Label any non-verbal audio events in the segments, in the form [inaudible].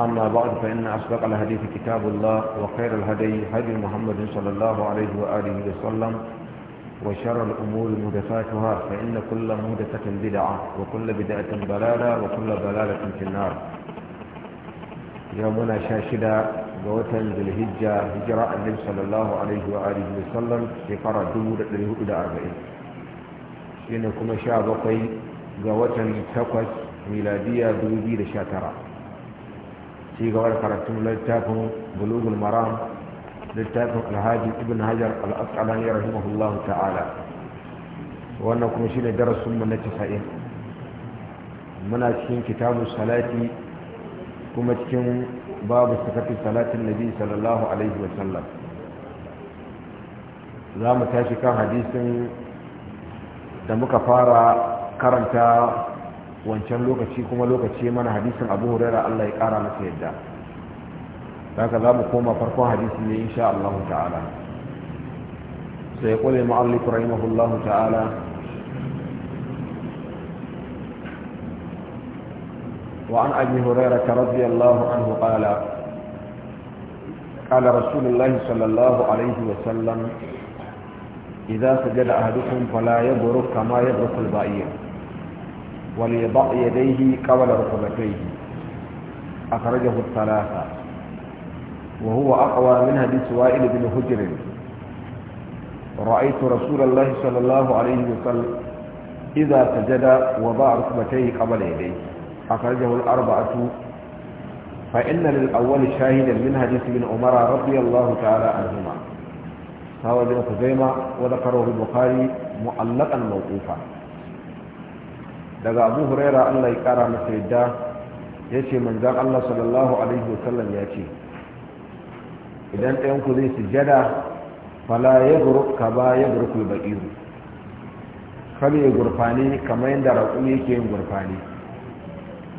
أما بعد فإن أصدق الحديث كتاب الله وخير الهدي هدي محمد صلى الله عليه وآله وسلم وشر الأمور مهدفاتها فإن كل مهدفة بدعة وكل بدعة ضلالة وكل ضلالة في النار يومنا شاشدة قوتا بالهجة هجرة النبي صلى الله عليه وآله وسلم في قرى دور للهؤلاء أربعين شينكم شابقي قوتا تقوى ميلادية دودي لشاترات ci da karatun littafin bulugul maram littafin alhaji ibn hajar al-asqalani rahimahullahu ta'ala wannan kuma shine darasin mu na 90 muna cikin kitabu salati kuma cikin babu sifatu salatin nabi sallallahu alaihi wa sallam za mu tashi kan hadisin da muka fara karanta wancan lokaci kuma lokaci mana hadisin abu huraira allah ya kara masa yadda haka za mu koma farkon hadisi ne insha allahu ta'ala sai ya kule ma'allif rahimahullahu ta'ala وعن أبي هريرة رضي الله عنه قال قال رسول الله صلى الله عليه وسلم إذا سجد أحدكم فلا يبرك كما يبرك البعير وليضع يديه قبل ركبتيه أخرجه الثلاثة وهو أقوى من حديث وائل بن حجر رأيت رسول الله صلى الله عليه وسلم إذا سجد وضع ركبتيه قبل يديه أخرجه الأربعة فإن للأول شاهدا من حديث ابن عمر رضي الله تعالى عنهما فهو ابن خزيمة وذكره البخاري معلقا موقوفا daga abu huraira allah ya kara masa yadda ya ce manzan allah sallallahu alaihi wasallam ya ce idan ɗayanku zai sujada fala ya gurka ba ya gurku ba'iru kada ya gurfani kamar yadda raƙu yake yin gurfani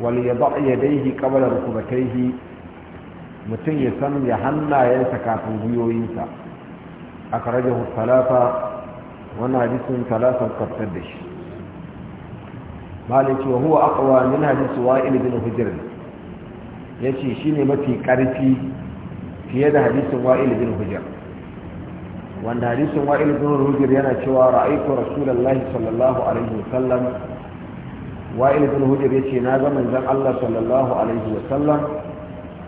wal ya ba ya daihi kabala rukubataihi mutum ya san ya hannayensa kafin gwiwoyinsa a karajar talata wani hadisin talatan kaftar da shi malaki wa huwa aqwa min hadisi wa'il bin hujr yace shine mafi karfi fiye da hadisin wa'il bin hujr wanda hadisin wa'il bin hujr yana cewa ra'aytu rasulullahi sallallahu alaihi wasallam wa'il bin hujr yace na ga manzon Allah sallallahu alaihi wasallam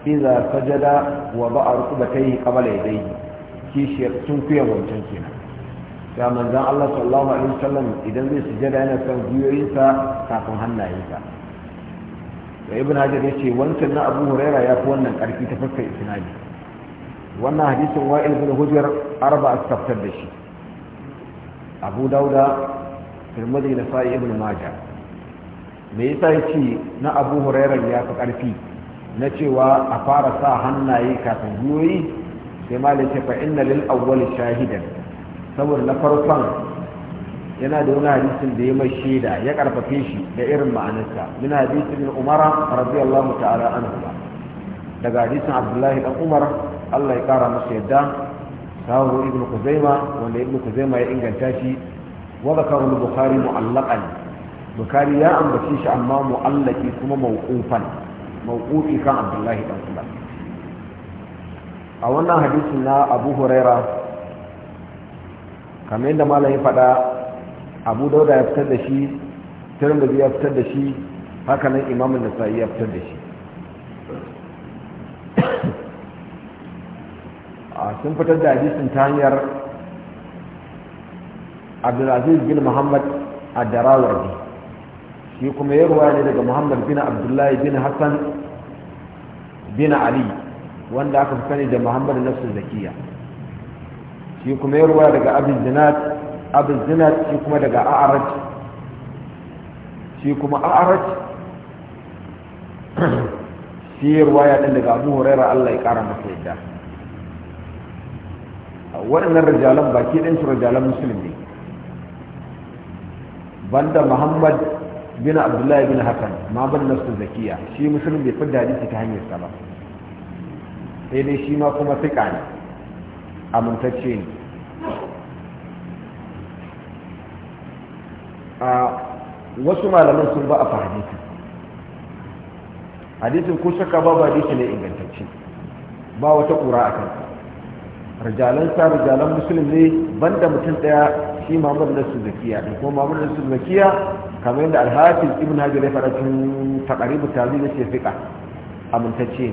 idza sajada wa ba'a rukbatayhi qabla yadayhi kishiyar sun kuya wancan kenan ga manzan Allah sallallahu alaihi wasallam idan zai sujada yana kan gwiwoyinsa kafin hannayensa da ibn hajar ya ce wancan na abu huraira ya fi wannan karfi ta fuskar isnadi wannan hadisin wa'il bin hujjar arba a tsaftar da shi abu dauda tirmidhi da sa'i ibn majah me yasa ce na abu huraira ya fi karfi na cewa a fara sa hannaye kafin gwiwoyi sai malaka fa inna lil awwal shahidan saboda na farkon yana da wani hadisin da ya mai shaida ya karfafe shi da irin ma'anarsa min hadisin umara radiyallahu ta'ala anhu daga hadisin abdullahi dan umar Allah ya kara masa yadda sahu ibn kuzaima wanda ibn kuzaima ya inganta shi wa zakaru bukhari mu'allaqan bukhari ya ambace shi amma mu'allaqi kuma mawqufan mawqufi kan abdullahi dan umar a wannan hadisin na abu huraira kamar yadda malam ya faɗa abu dauda ya fitar da shi tirmidhi ya fitar da shi haka nan da nasa'i ya fitar da shi [coughs] sun fitar da hadisin ta hanyar abdulaziz bin muhammad a darawardi shi kuma ya ruwa ne daga muhammad bin abdullahi bin hassan bin ali wanda aka fi sani da muhammad nafsun zakiya shi kuma yarwa daga abin zinat abin zinat shi kuma daga a'arat shi kuma a'arat [clears throat] shi yarwa ya din daga abu huraira allah ya ƙara masa yadda waɗannan rajalan baki ɗin rajalan musulmi banda muhammad bin abdullahi bin hassan ma ban nasu zakiya shi musulun bai fidda hadisi ta hanyar sa ba sai dai shi ma kuma fiƙa ne amintacce ne a wasu malaman sun ba a fa hadisin hadisin ko shakka ba hadisi ne ingantacce ba wata ƙura a kan rijalan sa rijalan musulun ne banda mutum daya shi na su zakiya da kuma na su zakiya kamar yadda alhafiz ibn hajar ya faɗa cikin taqribu tazi da fiqa amintacce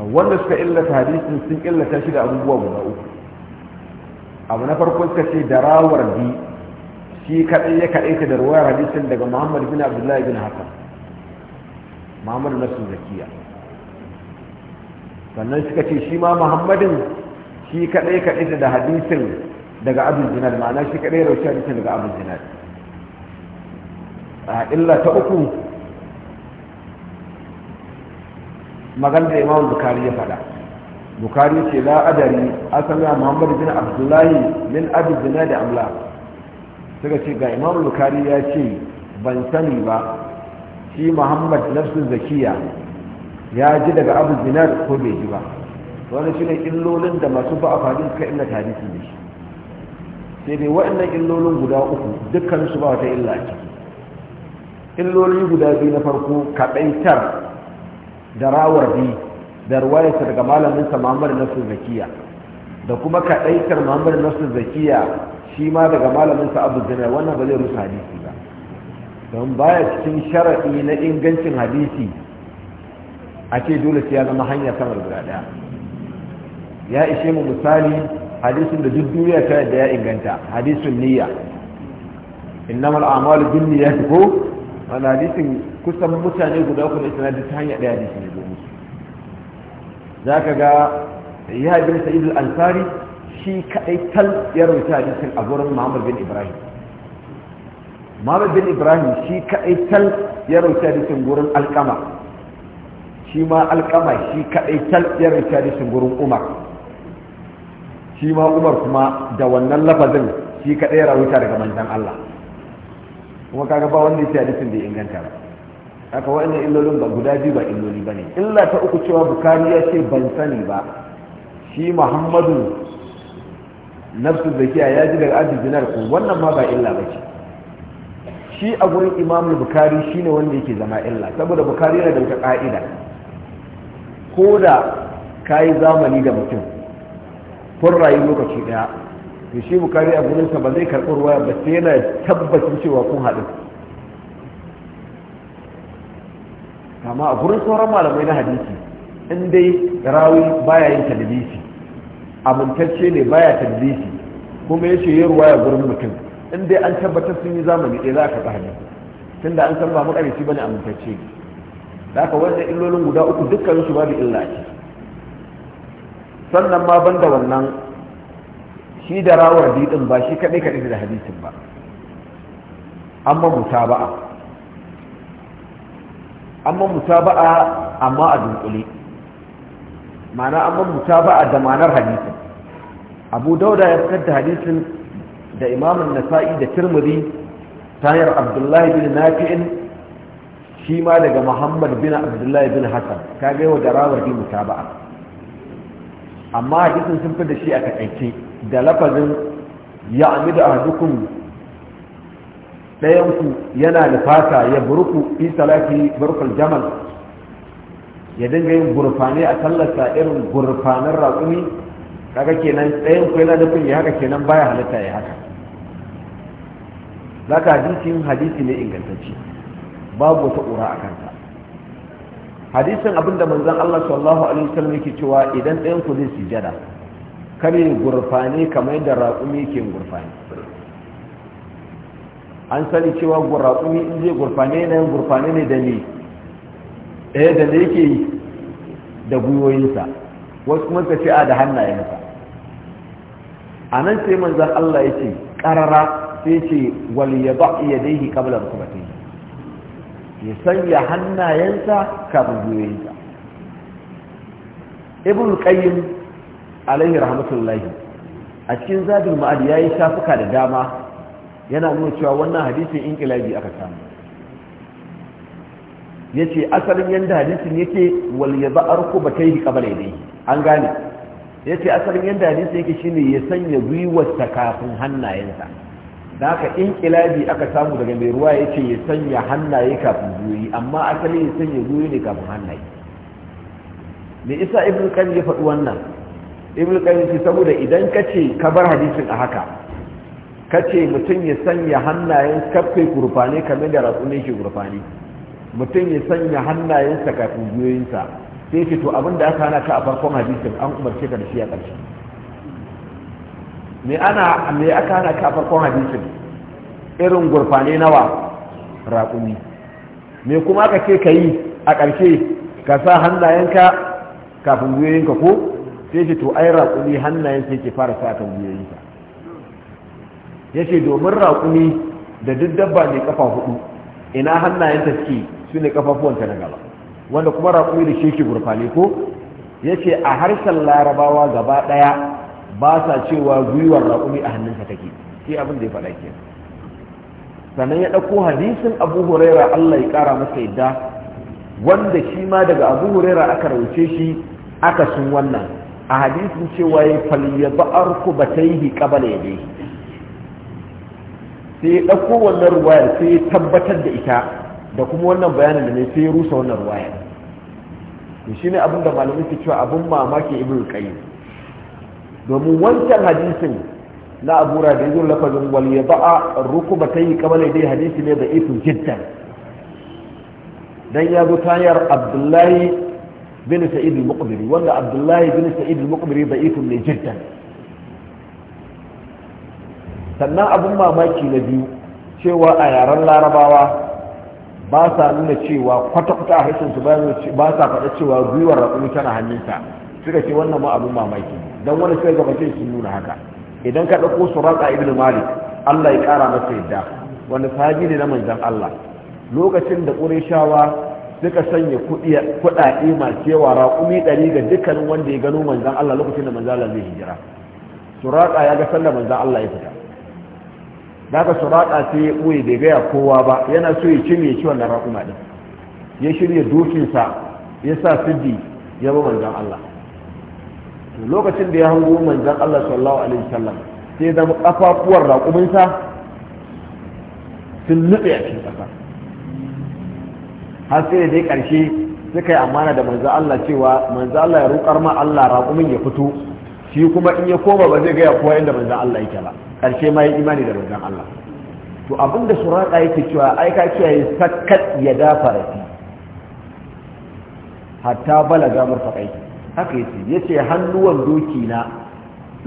ne wanda suka illata hadisin sun illata shi da abubuwa guda uku abu na farko suka ce darawar bi shi kadai ya kadai ta da ruwayar hadisin daga muhammad bin abdullahi bin hassan muhammad na nasu zakiya sannan suka ce shi ma muhammadin shi kadai kadai ta da hadisin daga abu zinad ma'ana shi kadai rauci hadisin daga abu zinad a illa ta uku magana da imam bukari ya faɗa bukari ce la adari asali muhammad bin abdullahi min abu zinad da amla suka ce ga imam bukari ya ce ban sani ba shi muhammad nafsun zakiya ya ji daga abu zinar ko bai ji ba wani shi ne illolin da masu ba a faɗi suka illa tarihi da shi sai dai waɗannan illolin guda uku dukkan su ba wata illa ce illoli guda biyu na farko kaɗaitar da rawar bi da ruwayarsa daga malaminsa muhammad nafsun zakiya da kuma kaɗaitar muhammad nafsun zakiya shi ma daga malamin sa abu zina wannan ba zai rusa hadisi ba don baya cikin sharaɗi na ingancin hadisi a ce dole sai ya zama hanya samar guda ɗaya ya ishe mu misali hadisin da duk duniya ta yadda ya inganta hadisin niyya innamal a'malu bin niyyati ko wannan hadisin kusan mutane guda uku ne sanar da hanya ɗaya hadisi ne domin zaka ga ya bin sa'id al-ansari shi kadai tal ya rubuta hadisin a gurin Muhammad bin Ibrahim Muhammad bin Ibrahim shi kadai tal ya rubuta hadisin gurin Alqama shi ma Alqama shi kadai tal ya rubuta hadisin gurin Umar shi ma Umar kuma da wannan lafazin shi kadai ya rubuta daga manzon Allah kuma kaga ba wanda ya ce hadisin bai inganta ba haka wa'annan illolin ba guda biyu ba illoli ba ne illa ta uku cewa Bukhari ya ce ban sani ba shi muhammadu nafsu zakiya ya ji daga abin dinar ko wannan ma ba illa ba ce shi a gurin imamul bukari shine wanda yake zama illa saboda bukari yana da wata ka'ida ko da ka yi zamani da mutum kun rayu lokaci daya to shi bukari a gurinsa ba zai karɓi ruwa ba sai yana tabbacin cewa kun haɗu amma a gurin sauran malamai na hadisi in dai rawi baya yin talibisi amintacce ne baya tadlisi kuma ya ce yi ya gurin mutum in dai an tabbatar sun yi zamani ɗaya za ka ba tun tunda an san ba makarici bane amintacce ne da aka wannan illolin guda uku dukkan su babu illa ce sannan ma ban da wannan shi da rawar didin ba shi kaɗai kaɗai da hadisin ba amma mutaba'a amma ba'a amma a dunkule ma'ana an mabuta ba a da ma'anar abu dauda ya fitar da hadisin da imamun nasa'i da tirmidhi ta hanyar abdullahi bin nafi'in shi ma daga muhammad bin abdullahi bin hassan ta gaiwa da rawar bi mutaba'a amma hadisin sun fi da shi a takaice da lafazin ya amidu a dukkan ɗayanku yana da fata ya burku fi salati burkul jamal ya dinga yin gurfane a sallarsa irin gurfanen raƙumi kaga kenan ɗayan ko yana nufin ya haka kenan baya halitta ya haka Za ka hadisi hadisi ne ingantacce babu wata ƙura a kanta. hadisin abinda manzan Allah sallallahu alaihi wasallam yake cewa idan ɗayan ku zai sujada kare gurfane kamar yadda raƙumi ke gurfane an sani cewa raƙumi in zai gurfane yana yin gurfane ne da ni. ɗaya da ne yake da gwiwoyinsa wasu kuma tafiya da hannayensa a nan sai manzan Allah ya ce ƙarara sai ce wal ya ba iya daihi kabla yi, ya sanya hannayensa kafin gwiwoyinsa ibn ƙayyin alaihi rahmatullahi a cikin ma'adi ma'ad yi shafuka da dama yana nuna cewa wannan hadisin inqilabi aka samu yace asalin yanda hadisin yake wal yadhar kubatayhi qabla yadayhi an gane yace asalin yanda hadisin yake shine ya sanya gwiwarsa kafin hannayensa da haka in kilabi aka samu daga mai ruwa yace ya sanya hannaye kafin gwiwoyi amma asalin ya sanya gwiwoyi ne kafin hannaye me isa ibnu qayyim ya faɗi wannan ibnu qayyim ce saboda idan kace ka bar hadisin a haka kace mutum ya sanya hannayen kafin kurfane kamar da rasulun shi kurfane mutum ya sanya hannayensa kafin juyoyinsa sai ce to abin da aka hana ka a farkon hadisin an umarce ka da shi a ƙarshe me ana me aka hana ka a farkon hadisin irin gurfane nawa raƙumi me kuma aka ce ka yi a ƙarshe ka sa hannayenka kafin juyoyinka ko sai ce to ai raƙumi hannayen sai ke fara sa kan juyoyinka ya ce domin raƙumi da duk dabba mai kafa hudu ina hannayenta suke su ne kafafuwanta na gaba wanda kuma raƙumi da shi burfani gurfane ko yace a harshen larabawa gaba ɗaya ba sa cewa gwiwar raƙumi a hannunsa take sai abin da ya faɗa ke sannan ya ɗauko hadisin abu huraira allah ya kara masa yadda wanda shi ma daga abu huraira aka rauce shi aka sun wannan a hadisin cewa ya ba arku bataihi qabala yadayhi sai ya ɗauko wannan ruwayar sai ya tabbatar da ita da kuma wannan bayanin da ne sai ya rusa wannan ruwaya to ne abin da malamin ke cewa abin mamaki ibnu qayyim domin wancan hadisin na Abu da yanzu lafazin wal yada'a kama kamar dai hadisi ne da ifin jiddan dan ya zo tayar Abdullahi bin Sa'id al-Muqbiri wanda Abdullahi bin Sa'id al-Muqbiri da ifin ne jiddan sannan abin mamaki na biyu cewa a yaren larabawa ba sa nuna cewa kwata-kwata a harshen su ba sa faɗa cewa gwiwar raƙumi tana hannunta suka ce wannan ma abin mamaki don wani sai ga mace sun nuna haka idan ka ɗauko su raƙa ibn malik allah ya ƙara masa yadda wanda sahabi ne na manzan allah lokacin da ƙurishawa suka sanya kuɗaɗe masu yawa raƙumi ɗari ga dukkanin wanda ya gano manzan allah lokacin da manzan allah zai hijira su ya ga sallar manzan allah ya fita da aka suraka sai ya ɓoye bai gaya kowa ba yana so ya cime ci na raƙuma ɗin ya shirya dokinsa ya sa siddi ya ba manzan Allah lokacin da ya hango manzan Allah sallallahu alaihi wasallam sai zama kafafuwar raƙuminsa sun nutse a cikin ƙasa har sai dai ƙarshe suka yi amana da manzan Allah cewa manzan Allah ya roƙar ma Allah raƙumin ya fito shi kuma in ya koma ba zai gaya kowa inda manzan Allah yake ba karshe ma ya imani da manzon Allah to abinda suraka yake cewa ai ka kiyaye sakkat ya dafa rafi hatta balaga murfaqai haka yace yace hannuwan doki na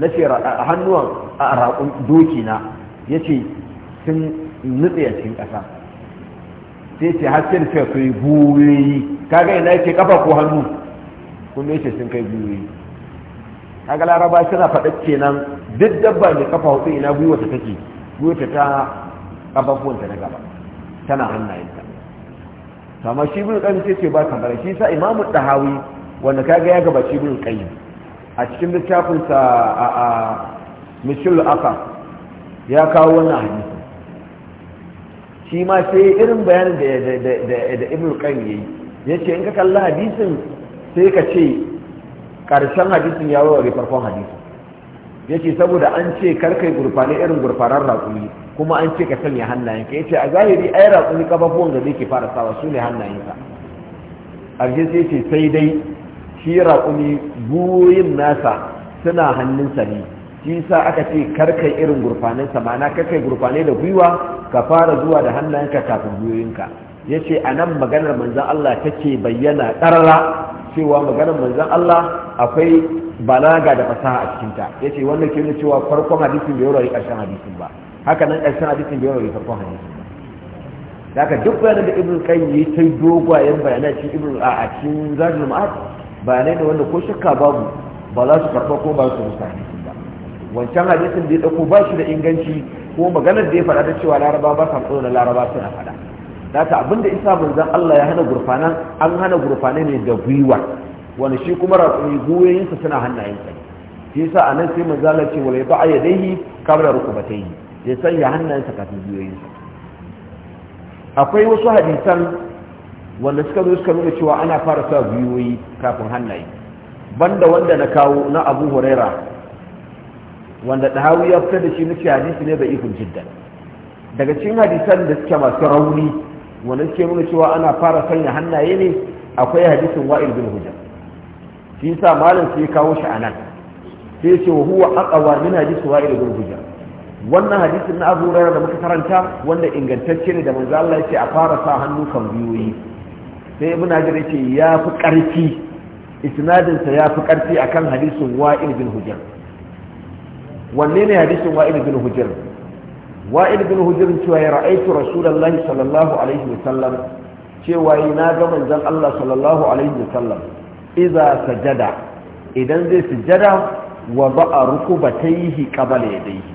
na ce hannuwan raƙun doki na yace sun nutse a cikin ƙasa sai ce har sai da suka kai buwoyi kaga ina yake kafa ko hannu Kun yace sun kai buwoyi kaga laraba suna faɗa kenan duk dabba mai kafa hudu ina gwiwa ta take gwiwa ta ta kafafuwanta na gaba tana hannayen ta amma shi bin kan ce ce ba kamar shi sa imamu dahawi wanda kaga ya gaba shi bin kai a cikin littafinsa a a mishul aka ya kawo wannan hadisi shi ma sai irin bayanin da ibn qayyim yayi yace in ka kalla hadisin sai ka ce ƙarshen hadisin ya warware farkon hadisin yace saboda an ce kar yi gurfane irin gurfanar raƙumi kuma an ce ka sanya hannayenka yace a zahiri ai raƙumi ƙafafuwan da zai ke fara sawa su ne hannayensa ƙarshe sai ce sai dai shi raƙumi buyin nasa suna hannunsa ne shi sa aka ce kar kai irin gurfanensa ma'ana kar yi gurfane da gwiwa ka fara zuwa da hannayenka kafin gwiwoyinka ya ce a nan maganar manzan Allah take bayyana ɗarara cewa maganar manzan Allah akwai balaga da fasaha a cikinta ya ce wannan ke yi cewa farkon hadisin bai warware ƙarshen hadisin ba haka nan ƙarshen hadisin bai warware farkon hadisin ba da haka duk bayanan da ibn kan yi ta dogwayen bayanai cikin ibn a cikin zajin ma'ad bayanai da wanda ko shakka babu ba za su karɓa ko ba su musa hadisin ba wancan hadisin da ya ɗauko ba shi da inganci ko maganar da ya faɗa ta cewa laraba ba sa tsoron laraba suna faɗa data abinda isa manzon Allah ya hana gurfanan an hana gurfanai ne da gwiwa wani shi kuma ratsuni guyoyinsa suna hannayensa shi sa a nan sai mu Allah ce wala ya ruku ba ta yi ya sanya hannayensa kafin guyoyinsa akwai wasu hadisan wanda suka zo suka nuna cewa ana fara sa gwiwoyi kafin hannaye banda wanda na kawo na Abu Huraira wanda dahawi ya fita da shi muke hadisi ne da ikon jiddan daga cikin hadisan da suke masu rauni wannan ke muna cewa ana fara sanya hannaye ne akwai hadisin wa'il bin hujja shi yasa malam sai kawo shi anan sai ce wa huwa aqwa min hadisi wa'il bin hujja wannan hadisin na Abu Hurairah da muka karanta wanda ingantacce ne da manzo Allah a fara sa hannu kan biyoyi sai ibn Hajar ya ce ya fi karfi isnadin sa ya fi karfi akan hadisin wa'il bin hujja wanne ne hadisin wa'il bin hujjar wa'id bin hujr cewa ya ra'aitu rasulullahi sallallahu alaihi wa sallam cewa na ga manzon Allah sallallahu alaihi wa sallam idza sajada idan zai sujada wa ba'a rukubatayhi qabala yadayhi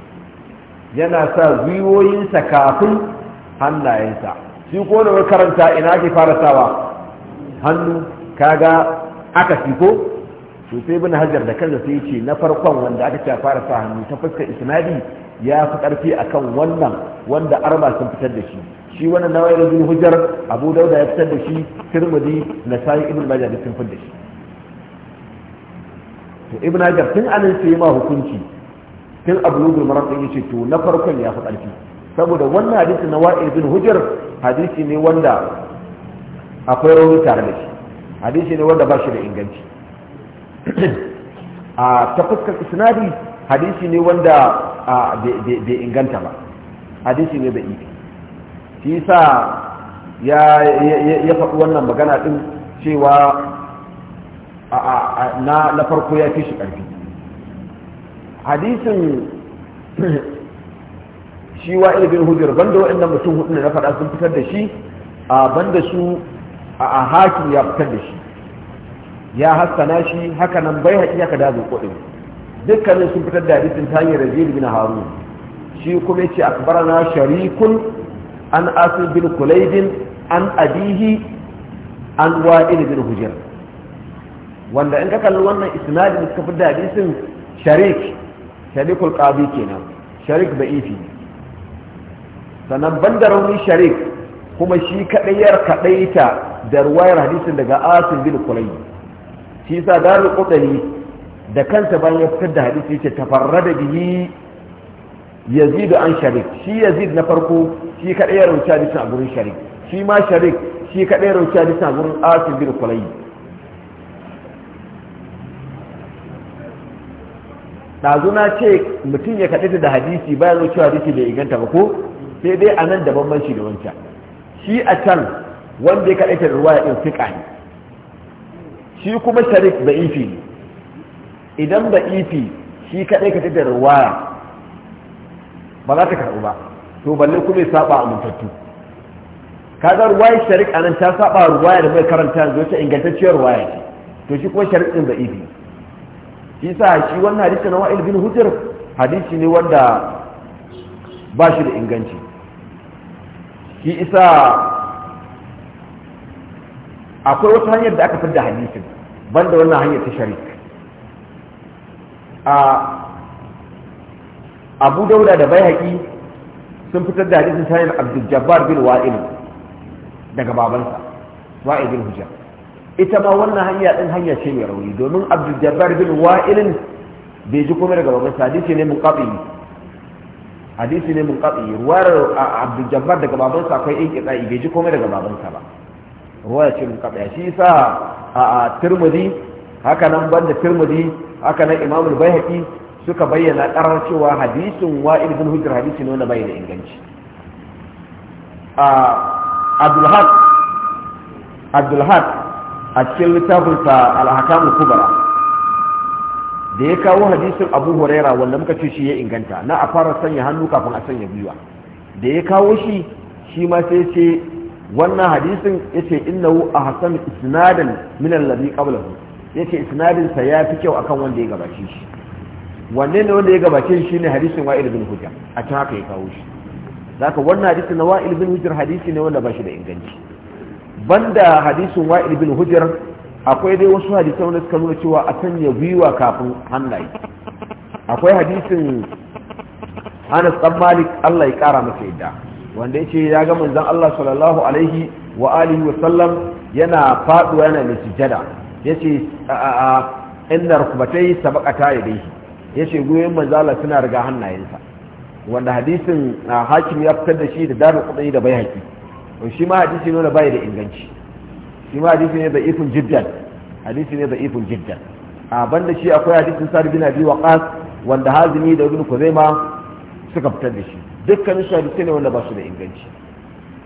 yana sa gwiwoyinsa kafin hannayensa shi ko da karanta ina ake fara sawa hannu kaga aka fi to sai bin hajar da kansa sai ce na farkon wanda aka ce fara sa hannu ta fuskar isnadi ya fi a kan wannan wanda arba sun fitar da shi shi wannan na nawai rajul hujjar abu dauda ya fitar da shi tirmidhi nasai ibn majah sun fitar da shi to ibn hajar tun anan sai ma hukunci tun ablugul maram din yace to na farkon ya fi karfi saboda wannan hadisi na wa'il bin hujjar hadisi ne wanda akwai rauni tare da shi hadisi ne wanda ba shi da inganci [clears throat] a ta fuskar isnadi hadisi ne wanda bai inganta ba hadisi ne bai yi shi yasa ya faɗi wannan magana din cewa na farko ya fi shi ƙarfi hadisin [clears throat] shi wa ilibin hujjar banda waɗannan mutum hudu da na faɗa sun fitar da shi a banda su a hakim ya fitar da shi ya hassana shi haka nan bai haƙi haka ko zuƙo'in dukkanin sun fitar da hadisin ta hanyar rajil bin harun shi kuma yace akbarana sharikun an asir bin kulaidin an abihi an wa'il bin hujjar wanda in ka kalli wannan isnadin suka fitar da hadisin sharik sharikul qadi kenan sharik ba'ifi sannan banda rauni sharik kuma shi kaɗayar kadaita da ruwayar hadisin daga asir bin kulaidin shi sa darul qutani da kanta bayan ya fitar da hadisi yace tafarrada bihi yazid an sharik shi yazid na farko shi kadai ya rauta hadisin a gurin sharik shi ma sharik shi kadai ya rauta hadisin a gurin asim bin kulayy dazu na ce mutum ya kaɗaita da hadisi bayan zuwa hadisi bai inganta ba ko sai dai a nan man shi da wancan shi a can wanda ya kaɗaita da ruwaya ɗin fiƙa ne shi kuma sharik da ifi ne idan ba ifi e shi kadai ka da ruwaya ba za ta karɓu ba to balle kuma ya saba amintattu kaga ruwaya shari'a anan ta saba ruwaya da mai karanta yanzu wata ingantacciyar ruwaya to shi kuma shari'in ba ifi e shi sa shi wannan hadisi na wa'il bin hujjar hadisi ne wanda ba shi da inganci shi isa akwai wata hanyar da aka da hadisin banda wannan hanyar ta shari'a a abu dauda da bai sun fitar da hadisin sayin abdul bin wa'il daga babansa wa'il bin hujja ita ma wannan hanya din hanya ce mai rauni domin abdul bin wa'il bai ji komai daga babansa hadisi ne qabi hadisi ne qabi ruwar abdul jabbar daga babansa akwai inqita'i bai ji komai daga babansa ba ruwaya ce qabi shi yasa a tirmidhi Hakanan nan banda tirmidhi hakanan nan imam al-baihaqi suka bayyana karar cewa hadisin wa'il bin hujr hadisi ne wanda bai da inganci a abdul haq abdul haq a cikin littafin sa al-hakam kubra da ya kawo hadisin abu huraira wanda muka ce shi ya inganta na a fara sanya hannu kafin a sanya gwiwa da ya kawo shi shi ma sai ce wannan hadisin yace innahu ahsan isnadan min alladhi qablahu yace isnadin sa ya fi kyau akan wanda ya gabace shi wanne ne wanda ya gabace shi shine hadisin wa'il bin hujja a can haka ya kawo shi zaka wannan hadisi na wa'il bin hujjar hadisi ne wanda ba shi da inganci banda hadisin wa'il bin hujjar akwai dai wasu hadisai wanda suka nuna cewa a sanya gwiwa kafin hannaye akwai hadisin Anas dan Malik Allah ya kara masa yadda wanda ce ya ga manzon Allah sallallahu alaihi wa alihi wa sallam yana faduwa yana da sujada yace a a inna rukbatai sabaqata yadayhi yace goyen manzala suna riga hannayensa wanda hadisin hakim ya fitar da shi da darul kudai da baihaqi to shi ma hadisi ne bai da inganci shi ma hadisi ne da ifun jiddan hadisi ne da ifun jiddan a banda shi akwai hadisin sa'd bin abi waqas wanda hazimi da ibn kuzaima suka fitar da shi dukkanin su hadisi ne wanda ba su da inganci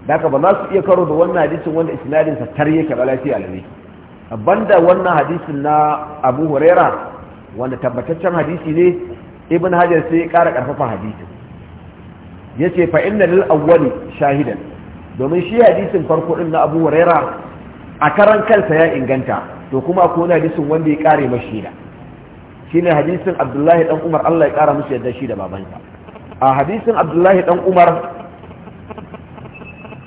da ba za su iya karo da wannan hadisin wanda isnadin sa tarye ka ba lafiya lalle banda wannan hadisin na abu huraira wanda tabbataccen hadisi ne ibn hajar sai ya ƙara ƙarfafa hadisin ya ce fa'in da lil'awwali shahidan domin shi hadisin farko ɗin na abu huraira a karan kansa ya inganta to kuma ko na hadisin wanda ya ƙare mashi shida? shi ne hadisin abdullahi ɗan umar allah ya ƙara musu yadda shi da babansa a hadisin abdullahi ɗan umar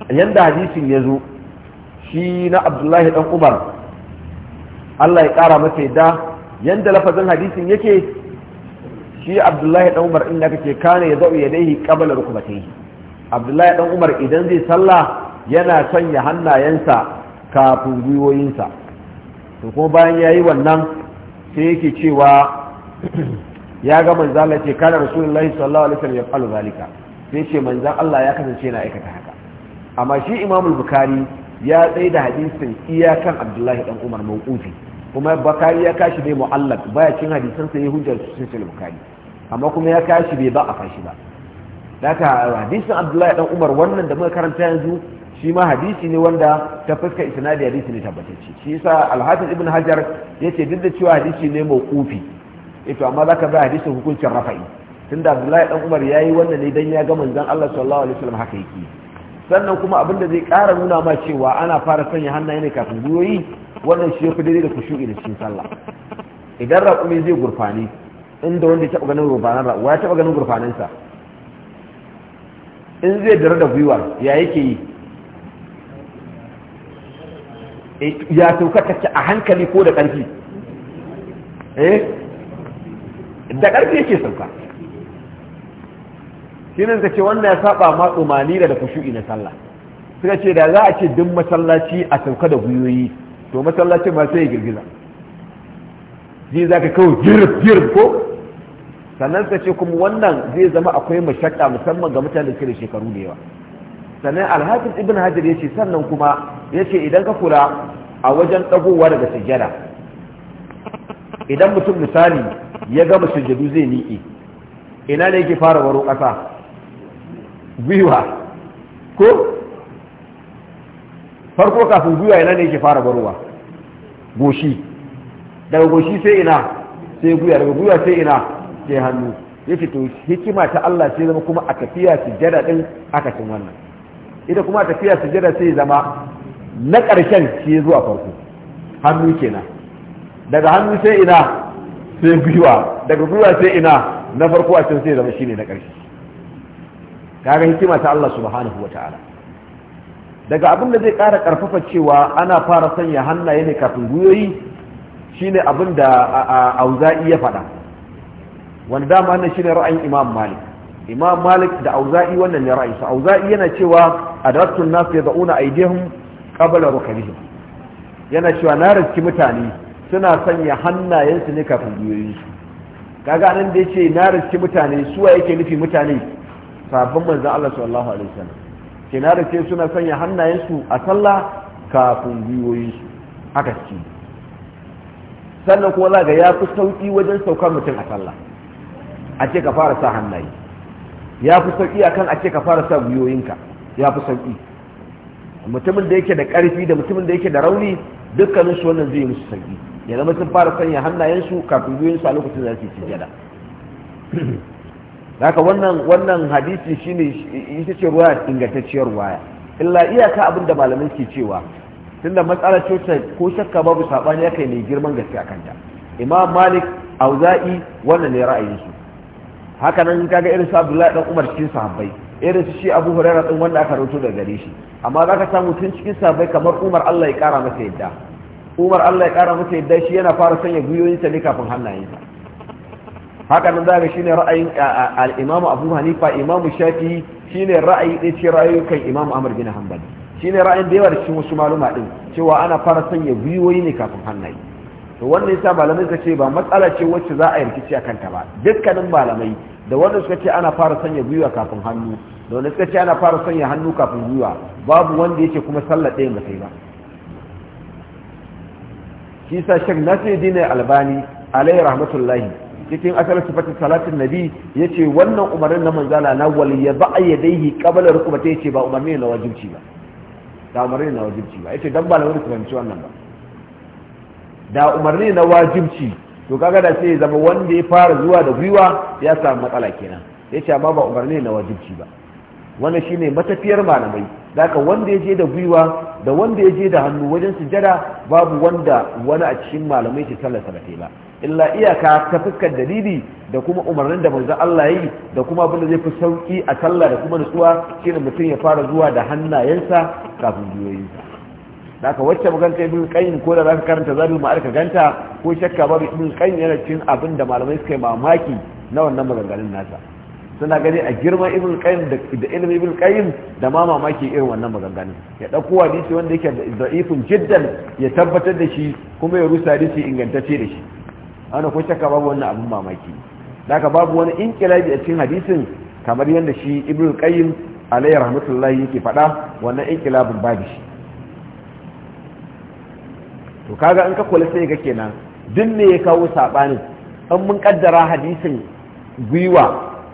yanda hadisin ya zo shi na abdullahi ɗan umar Allah ya kara masa yadda yanda lafazin hadisin yake shi Abdullahi dan Umar inda kake kana ya zau yadaihi qabla rukbatayhi Abdullahi dan Umar idan zai sallah yana sanya hannayensa kafin gwiwoyinsa to kuma bayan yayi wannan sai yake cewa [clears throat] ya ga Manza Allah ce kana rasulullahi sallallahu alaihi wasallam ya falu zalika sai ce Manzan Allah ya kasance yana aikata haka amma shi Imamul Bukari. bukhari ya tsaye da hadisin iyakan abdullahi dan umar mawqufi kuma bakari ya kashi bai mu'allaq baya cin hadisan sai hujjar sahih bukhari amma kuma ya kashi bai ba a kashi ba daga uh, hadisin abdullahi dan umar wannan da muka karanta yanzu shi ma hadisi ne wanda ta fuska isnadi hadisi ne tabbatacce shi yasa al-hafiz ibn hajar yace duk da cewa hadisi ne mawqufi ito amma zaka ba hadisin hukuncin rafa'i tunda abdullahi dan umar yayi wannan ne dan ya ga manzon Allah sallallahu alaihi wasallam haka yake sannan kuma abin da zai ƙara nuna ma cewa ana fara sanya hannaye ne kafin guyoyi wannan shi ya fi daidai da kushu'i da cikin sallah idan raƙumi zai gurfani inda wanda ya taɓa ganin gurfanan raƙuwa ya taɓa ganin gurfanansa in zai dare da gwiwa ya yake yi eh, ya saukakace a hankali ko da ƙarfi eh da ƙarfi yake sauka shi ne ce wannan ya saba ma tsumani da kushu'i na sallah suka ce da za a ce duk masallaci a sauka da guyoyi to masallacin ba sai ya girgiza ji za ka kawo girgir ko sannan suka ce kuma wannan zai zama akwai mashakka musamman ga mutane da da shekaru da yawa sannan alhafiz ibn hajar ya ce sannan kuma ya ce idan ka kula a wajen ɗagowa daga sujjada idan mutum misali ya gama sujjadu zai niƙe ina ne yake fara waro ƙasa gwiwa ko farko kafin gwiwa yana ne ke fara barowa goshi daga goshi sai ina sai gwiwa daga gwiwa sai ina sai hannu ya to hikima ta Allah sai zama kuma a tafiya jada ɗin akasin wannan ita kuma a tafiya jada sai zama na ƙarshen shi zuwa farko hannu kenan daga hannu sai ina sai gwiwa daga gwiwa sai ina na farko a can sai zama shine na ƙarshe kaga hikima ta Allah subhanahu wa ta'ala daga abin da zai kara karfafa cewa ana fara sanya hannaye ne kafin guyoyi shine abin da auza'i ya faɗa wanda dama wannan shine ra'ayin imam malik imam malik da auza'i wannan ne ra'ayi sa auza'i yana cewa adratun nas yad'una aydihim qabla rukbihim yana cewa na riski mutane suna sanya hannayensu ne kafin guyoyi kaga nan da yace na riski mutane suwa yake nufi mutane sabon manzan Allah sallallahu alaihi wasallam kina da ce suna sanya hannayensu a sallah kafin su haka ci sannan kuma za ga ya fi sauƙi wajen saukar mutum a sallah a ce ka fara sa hannaye ya fi sauƙi akan a ce ka fara sa gwiwoyinka ya fi sauƙi mutumin da yake da ƙarfi da mutumin da yake da rauni dukkanin su wannan zai yi musu sauƙi ya zama sun fara sanya hannayensu kafin gwiwoyinsu a lokacin da su sujada haka wannan wannan hadisi shine ita ce ruwa ingantacciyar waya illa iyaka abin da malamai ke cewa tunda matsalar cutar ko shakka babu sabani yake mai girman gaske akan ta imam malik auza'i wannan ne ra'ayinsu haka nan kaga irin su abdullahi dan umar cikin sahabbai irin su shi abu hurairah din wanda aka rawaito daga gare shi amma zaka samu tun cikin sahabbai kamar umar Allah ya kara masa yadda umar Allah ya kara masa yadda shi yana fara sanya guyoyinsa ne kafin hannayensa haka nan za shine ra'ayin al imam abu hanifa imam shafi shine ra'ayi ɗaya ce ra'ayoyin imam Ahmad bin hanbal shine ra'ayin da yawa da cikin wasu maluma din cewa ana fara sanya biyoyi ne kafin hannaye to wannan yasa malamai suka ce ba matsala ce wacce za a yi rikici akan ta ba dukkanin malamai da wanda suka ce ana fara sanya gwiwa kafin hannu da wanda suka ce ana fara sanya hannu kafin gwiwa babu wanda yake kuma sallar ɗayan ba sai ba shi sa shek nasiruddin albani alayhi rahmatullahi cikin asal sifati salatin nabi yace wannan umarnin na manzala na wal ya ba yadaihi qabla rukbata yace ba umarni na wajibi ba da umarni na wajibi ba yace dan ba na wani fahimci wannan ba da umarni na wajibi to kaga da sai zama wanda ya fara zuwa da gwiwa ya samu matsala kenan yace amma ba umarni na wajibi ba wannan shine matafiyar malamai daga wanda ya je da gwiwa da wanda ya je da hannu wajen sujada babu wanda wani a cikin malamai ke sallar sabatai ba illa iyaka ta fuskar dalili da kuma umarnin da manzo Allah yi da kuma abin da zai fi sauki a sallah da kuma nutsuwa shine mutum ya fara zuwa da hannayensa kafin biyoyinsa da aka wacce maganta ibn qayyim ko da zaka karanta zabi ma'ar arka ganta ko shakka babu ibn qayyim yana cikin abin da malamai suka yi mamaki na wannan maganganun nasa suna gani a girman ibn qayyim da ilimin ibn qayyim da ma mamaki irin wannan maganganun ya dauko hadisi wanda yake da da'ifun jiddan ya tabbatar da shi kuma ya rusa hadisi ingantacce da shi ana ko shakka babu wannan abin mamaki daga babu wani inkilabi a cikin hadisin kamar yadda shi ibnu qayyim alayhi rahmatullahi yake faɗa wannan inkilabin babu shi to kaga in ka kula sai ga kenan duk ne ya kawo sabanin an mun kaddara hadisin gwiwa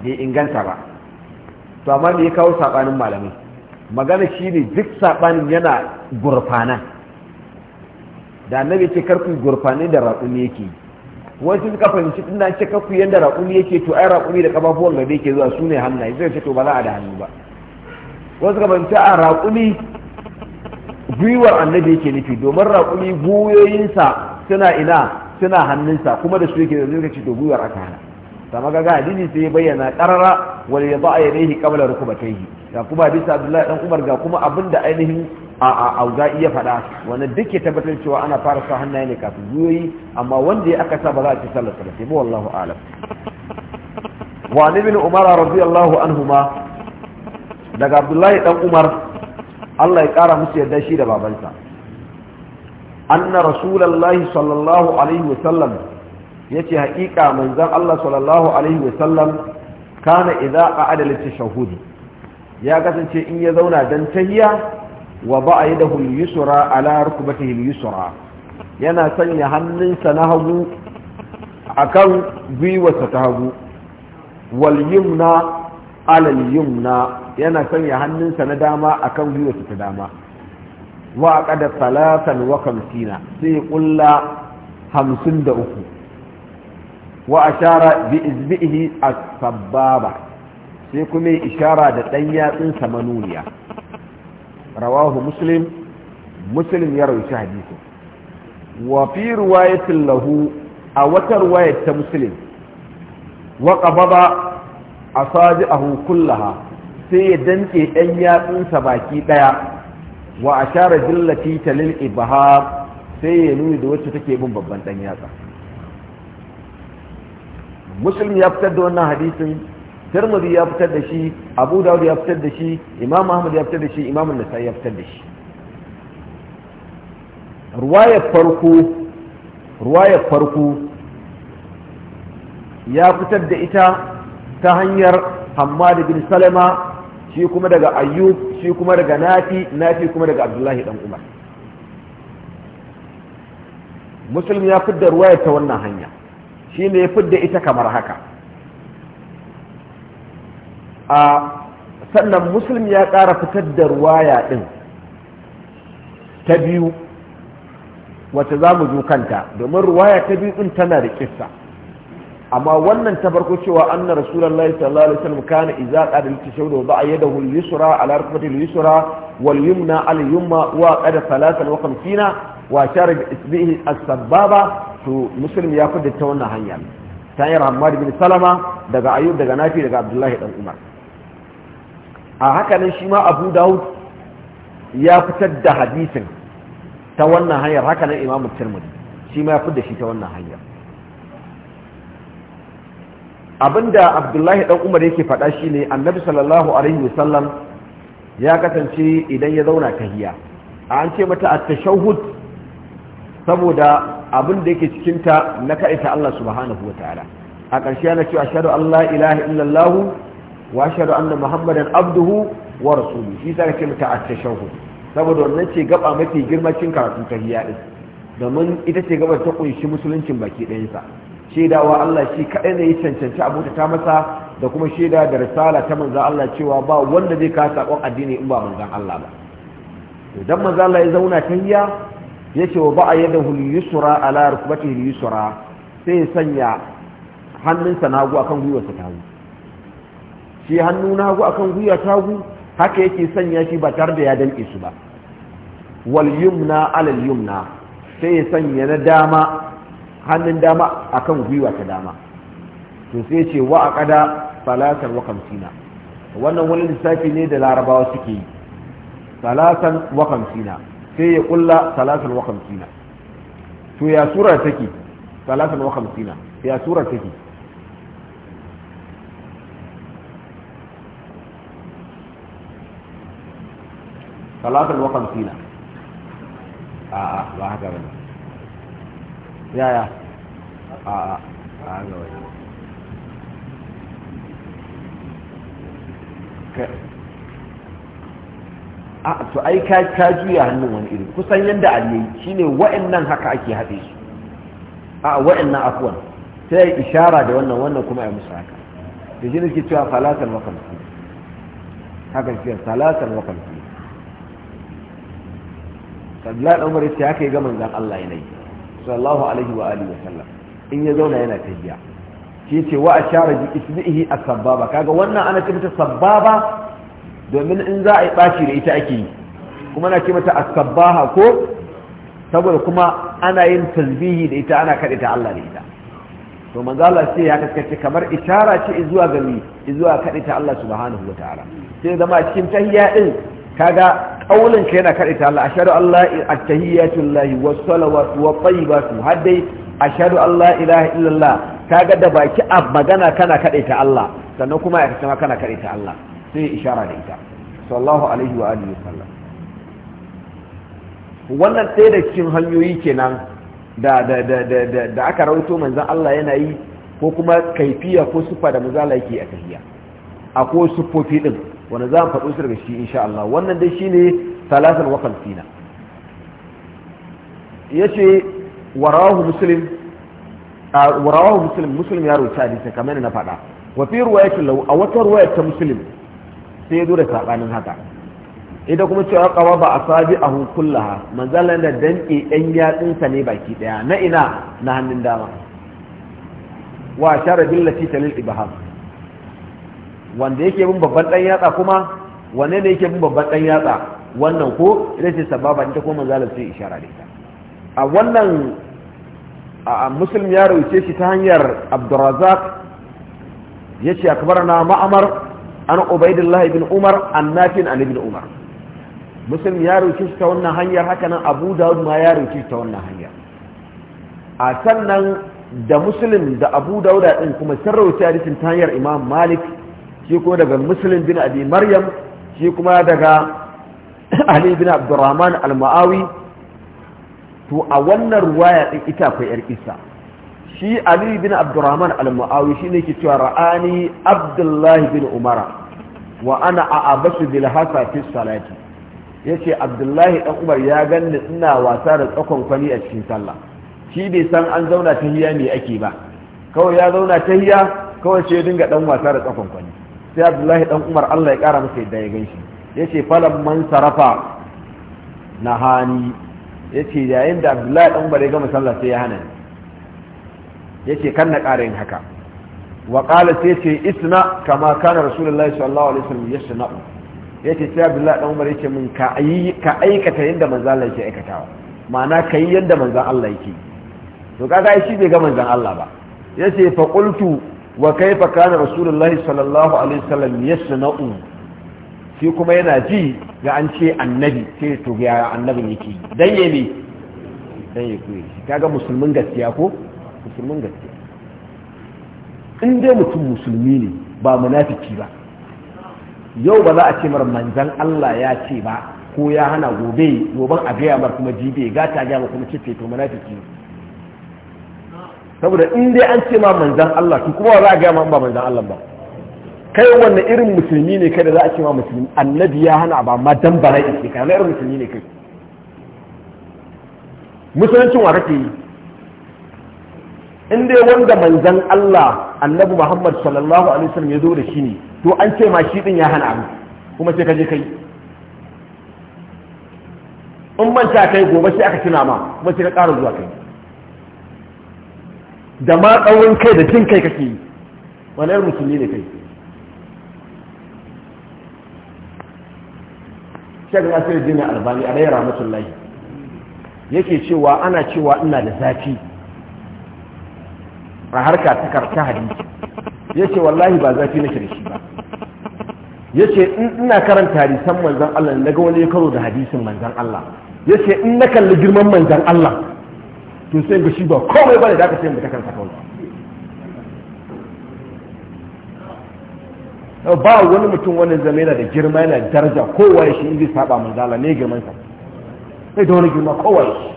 bai inganta ba to amma me ya kawo sabanin malamai magana shi ne duk sabanin yana gurfana da annabi ce karfi gurfani da ratsumi yake yi wasu suka fahimci tunda ce kafu yanda raƙumi yake to ai raƙumi da kafafuwan gaba yake zuwa su ne hannaye zai ce to ba za a da hannu ba wasu suka fahimci a raƙumi gwiwar annabi yake nufi domin raƙumi gwiwoyinsa suna ina suna hannunsa kuma da su yake da zai ce to gwiwar aka hana sama ga hadisi sai bayyana karara wal yada'a yadayhi qabla rukbatayhi ga kuma bisa Abdullahi dan Umar ga kuma abinda ainihin a a iya faɗa Wani duk ya tabbatar cewa ana fara sa hannaye ne kafin zuyoyi amma wanda ya aka sa ba za a ci sallar sa ba wallahu alam wa ibn umar radiyallahu anhuma daga abdullahi dan umar Allah ya kara musu yadda shi da babansa An na rasulullahi sallallahu alaihi wa sallam ce haƙiƙa manzan Allah sallallahu alaihi wa sallam kana idza qa'ada litashahhudi ya kasance in ya zauna dan tahiyya wa ba'a a yusra ala rukbatihil yusra yana sanya hannunsa na hagu kan gwiwarsa ta hagu wal yumna yana sanya hannunsa na dama akan gwiwarsa ta dama wa qad salatan wa kamsina sai kulla 53 wa ashara shara izbihi a sababa sai kuma ishara da ɗan yatsin manuniya rawahu muslim muslim ya raushi hadisin wa fi riwayatin lahu a wata riwayar ta muslim wa qabada asabi'ahu kullaha sai ya danke ɗan yatsunsa baki ɗaya wa a ashara jillati talil ibhar sai ya nuni da wacce take bin babban ɗan yatsa muslim ya fitar da wannan hadisin tirmidhi ya fitar da shi abu dawud ya fitar da shi imam ahmad ya fitar da shi imam an-nasa'i ya fitar da shi ruwaya farko ruwaya farko ya fitar da ita ta hanyar hammad bin salama shi kuma daga ayyub shi kuma daga nafi nafi kuma daga abdullahi dan umar muslim ya fitar da ruwaya ta wannan hanya shine ya fitar da ita kamar haka a sannan musulmi ya ƙara fitar da ruwaya ɗin ta biyu wata za mu zo kanta domin ruwaya ta biyu ɗin tana da kissa amma wannan ta farko cewa na rasulallah sallallahu alaihi wasallam kana idza qada al-tashawud wa ba'a yadahu al-yusra ala rukbati al-yusra wal yumna ala yumma wa qada 53 wa shara bi isbihi as-sababa to muslim ya fada ta wannan hanya ta yi hamad bin salama daga ayyub daga nafi daga abdullahi dan umar a hakanan shi ma abu dawud ya fitar da hadisin ta wannan hanyar hakanan imamu tirmidhi shi ma ya fitar da shi ta wannan hanyar abinda abdullahi dan umar yake faɗa shi ne, annabi sallallahu alaihi wasallam ya kasance idan ya zauna tahiya an ce mata at-tashahhud saboda abin da yake cikinta na kaita Allah subhanahu wa ta'ala a ƙarshe na cewa ashhadu an la ilaha illallah anna muhammadan abduhu wa rasuluhu shi ta kace mata at saboda wannan ce gaba mafi girmacin ta hiya din domin ita ce gaba ta kunshi musuluncin baki ɗayan sa shaidawa Allah shi kadai ne ya cancanci abota ta masa da kuma shaida da risala ta manzan Allah cewa ba wanda zai ka sakon addini in ba manzon Allah ba to dan ta Allah ya zauna ya ce wa ba'a yadahu yusra ala rukbatihi al-yusra sai ya sanya hannunsa nagu akan gwiwarsa ta hagu shi hannu na hagu akan gwiwa ta hagu haka yake sanya shi ba tare da ya danke su ba wal yumna alal yumna sai ya sanya na dama hannun dama akan gwiwa ta dama to sai ce wa aqada salatar wa kamsina wannan wani lissafi ne da larabawa suke yi salatan wa kamsina sai ya kulla salatan wa kamsina to ya sura take salatan wa kamsina ya sura take talatin wa a a'a ba haka ba yaya a a'a ba haka ba a to ai ka juya hannun wani iri kusan yadda aliyu shine wa'annan haka ake haɗe su a wa'annan afuwan sai yi ishara da wannan wannan kuma ya musu haka da shi ne ke cewa salatar wakamsi haka ke salatar wakamsi abdullahi dan umar yace haka ya Allah sallallahu alaihi wa alihi wasallam in ya zauna yana tafiya shi yace wa ashara bi isbihi as-sababa kaga wannan ana ce sababa domin in za a yi baci da ita ake yi kuma na ce as-sabaha ko saboda kuma ana yin tasbihi da ita ana kaɗe ta Allah da ita to manzo Allah sai ya kaskace kamar ishara ce zuwa ga zuwa kaɗe ta Allah subhanahu ta'ala sai zama cikin tahiyya din kaga kaulin ka yana ta Allah ashhadu an wasu attahiyatu su wa salawatu ba su haddai ashadu allah la ilaha illallah ga da baki a magana kana ta Allah sannan kuma ya kace kana ta Allah sai ishara da ita sallahu alaihi wa alihi sallam wannan ɗaya da cikin hanyoyi kenan da da da da da aka rawaito manzon Allah yana yi ko kuma kaifiya ko sufa da maza Allah a tahiyya akwai sufofi din wanda za mu faɗo su daga shi insha Allah wannan dai shine talatin wa khamsina yace warawahu muslim warawahu muslim muslim ya rubuta hadisi kamar na faɗa wa fi ruwayatin law a wata ruwayar ta muslim sai ya zo da sabanin haka idan kuma cewa qawa ba asabi ahu kullaha manzalan da danke ɗan yatsinsa ne baki daya na ina na hannun dama wa shara billati talil ibham wanda yake bin babban dan yatsa kuma wanne ne yake bin babban dan yatsa wannan ko ita ce sababa ita ko manzala sai ishara da ita a wannan a muslim ya rawaice shi ta hanyar Abdurrazzaq yace akbarana ma'amar an Ubaidillah ibn Umar an nafin an ibn Umar muslim ya rawaice shi ta wannan hanyar haka nan Abu Dawud ma ya rawaice shi ta wannan hanyar a sannan da muslim da abu dauda din kuma sun rawaci hadisin ta hanyar imam malik shi kuma daga musulun bin abi maryam shi kuma daga [coughs] ali bin abdurrahman al-ma'awi to a wannan ruwaya din ita kai yar isa shi ali bin abdurrahman al-ma'awi shine ke cewa ra'ani abdullahi bin umara wa ana a'abasu bil hasa fi salati yace abdullahi dan umar ya ganni ina wasa da tsakon kwani a cikin sallah shi bai san an zauna ta hiya me ake ba kawai ya zauna ta hiya kawai sai ya dinga dan wasa da tsakon kwani sai abdullahi dan umar allah ya kara masa yadda ya gan shi ya ce falon man sarafa na hani ya ce yayin da abdullahi dan umar ya gama sallah sai ya hana ya ce kan na kara yin haka wa ƙala sai ce isna kama kana rasulullahi sallallahu alaihi wasallam ya sana'u ya ce sai abdullahi dan umar ya ce min ka aikata yadda manzan allah yake aikatawa ma'ana ka yi yadda manzan allah yake to kaga shi bai ga manzan allah ba ya ce qultu wa kaifa kana rasulullahi sallallahu alaihi wasallam yasna'u shi kuma yana ji ga an ce annabi sai to ga annabin yake dan ya ne dan ya shi kaga musulmin gaskiya ko musulmin gaskiya in dai mutum musulmi ne ba munafiki ba yau ba za a ce mar manzan Allah ya ce ba ko ya hana gobe gobe a gaya mar kuma jibe gata gaya kuma ce to munafiki ne saboda in dai an ce ma manzan Allah to kuma za a gaya ma ba manzan Allah ba kai wanne irin musulmi ne kai da za a ce ma musulmi annabi ya hana ba ma dan bara ce kai na irin musulmi ne kai musuluncin wa kake yi in dai wanda manzan Allah annabi Muhammad sallallahu alaihi wasallam ya zo da shi ne to an ce ma shi din ya hana abu kuma sai ka je kai in manta kai gobe sai aka tuna ma kuma sai ka ƙara zuwa kai da ma tsawon kai da jin kai kake yi wani yar musulmi ne kai shaɗin asirin jini albani a ramatun layi yake cewa ana cewa ina da zafi a harka ta karta hadisi ya ce wallahi ba zafi nake da shi ba ya ce ina karanta hadisan manzan Allah na ga wani ya karo da hadisin manzan Allah ya ce in na kalli girman manzan Allah to sai ga shi ba komai bane da aka sai mu ta kansa na ba wani mutum wani zama yana da girma yana daraja kowa shi inda zai mai zala ne girman sa sai da wani girma kowa shi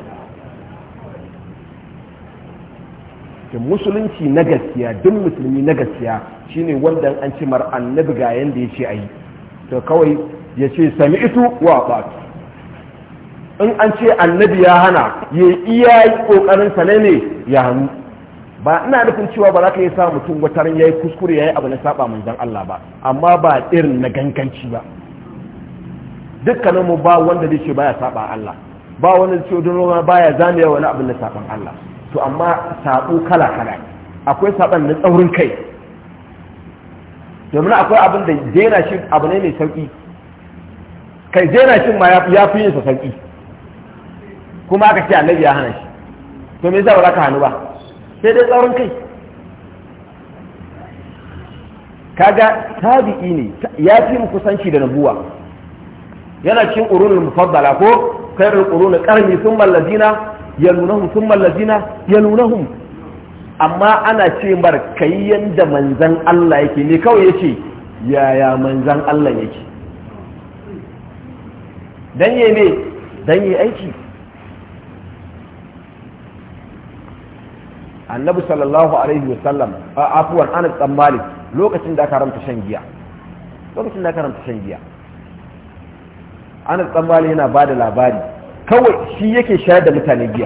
da musulunci na gaskiya duk musulmi na gaskiya shine wanda an ce mar annabi ga yanda ya ce a yi to kawai ya ce sami sami'tu wa ba'tu in an ce annabi ya hana ya iya yi kokarin sa ne ya hannu ba ina nufin cewa ba za ka yi sa mutum wata ran yayi kuskure yayi abu na saba manzon Allah ba amma ba irin na ganganci ba dukkanin mu ba wanda zai ce baya saba Allah ba wanda zai ce don roma baya zaniya wani abu na saban Allah to amma sabo kala kala akwai saban na tsaurin kai domin akwai abin da na shi abu ne mai sauki kai na shi ma ya fi yin sa sauki kuma aka ce annabi ya hana shi to me zai ba hannu ba sai dai tsaurin kai kaga tabi'i ne ya fi mu kusanci da nabuwa yana cikin urunin mufaddala ko khairul quruni qarni thumma alladina yalunahum thumma alladina yalunahum amma ana ce mar kai yanda manzan Allah yake ne kawai yace yaya manzan Allah yake dan yayi ne dan yayi aiki annabi sallallahu alaihi wa wasallam afuwan anas dan malik lokacin da karanta shan giya lokacin da karanta shan giya anas dan malik yana bada labari kawai shi yake shayar da mutane giya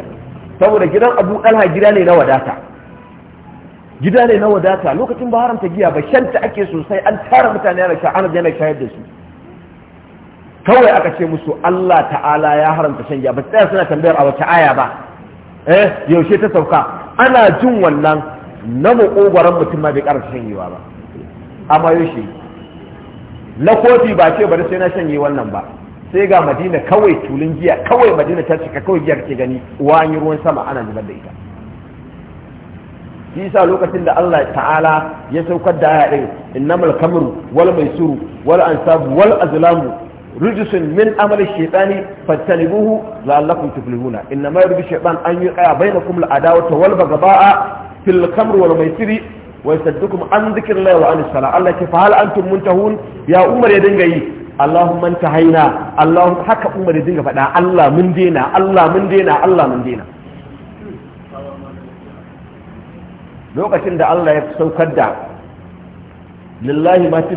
saboda gidan abu dalha gida ne na wadata gida ne na wadata lokacin ba haramta giya ba shan ta ake sosai an tara mutane yana sha anas yana shayar da su kawai aka ce musu Allah ta'ala ya haramta shan giya ba tsaya suna tambayar a wace aya ba eh yaushe ta sauka ana jin wannan na makogoron mutum ma bai ƙara shanyewa ba amma yaushe na kofi ba ce bari sai na shanye wannan ba sai ga madina kawai tulun giya kawai madina ta cika kawai giya kake gani wani anyi ruwan sama ana zubar da ita shi lokacin da Allah ta'ala ya saukar da aya innamal kamru wal maisuru wal ansabu wal azlamu rijisun min amali shaitani fattalibuhu la'allakum tuflihuna inna ma yurdi shaitan an yuqa bainakum al'adawata wal bagha'a fil khamr wal maisiri wa yasaddukum an dhikrillahi wa anis sala Allah ke fa hal antum muntahun ya umar ya dinga yi Allahumma intahaina Allahumma haka umar ya dinga faɗa Allah mun daina Allah mun daina Allah mun daina lokacin da Allah ya saukar da lillahi ma fi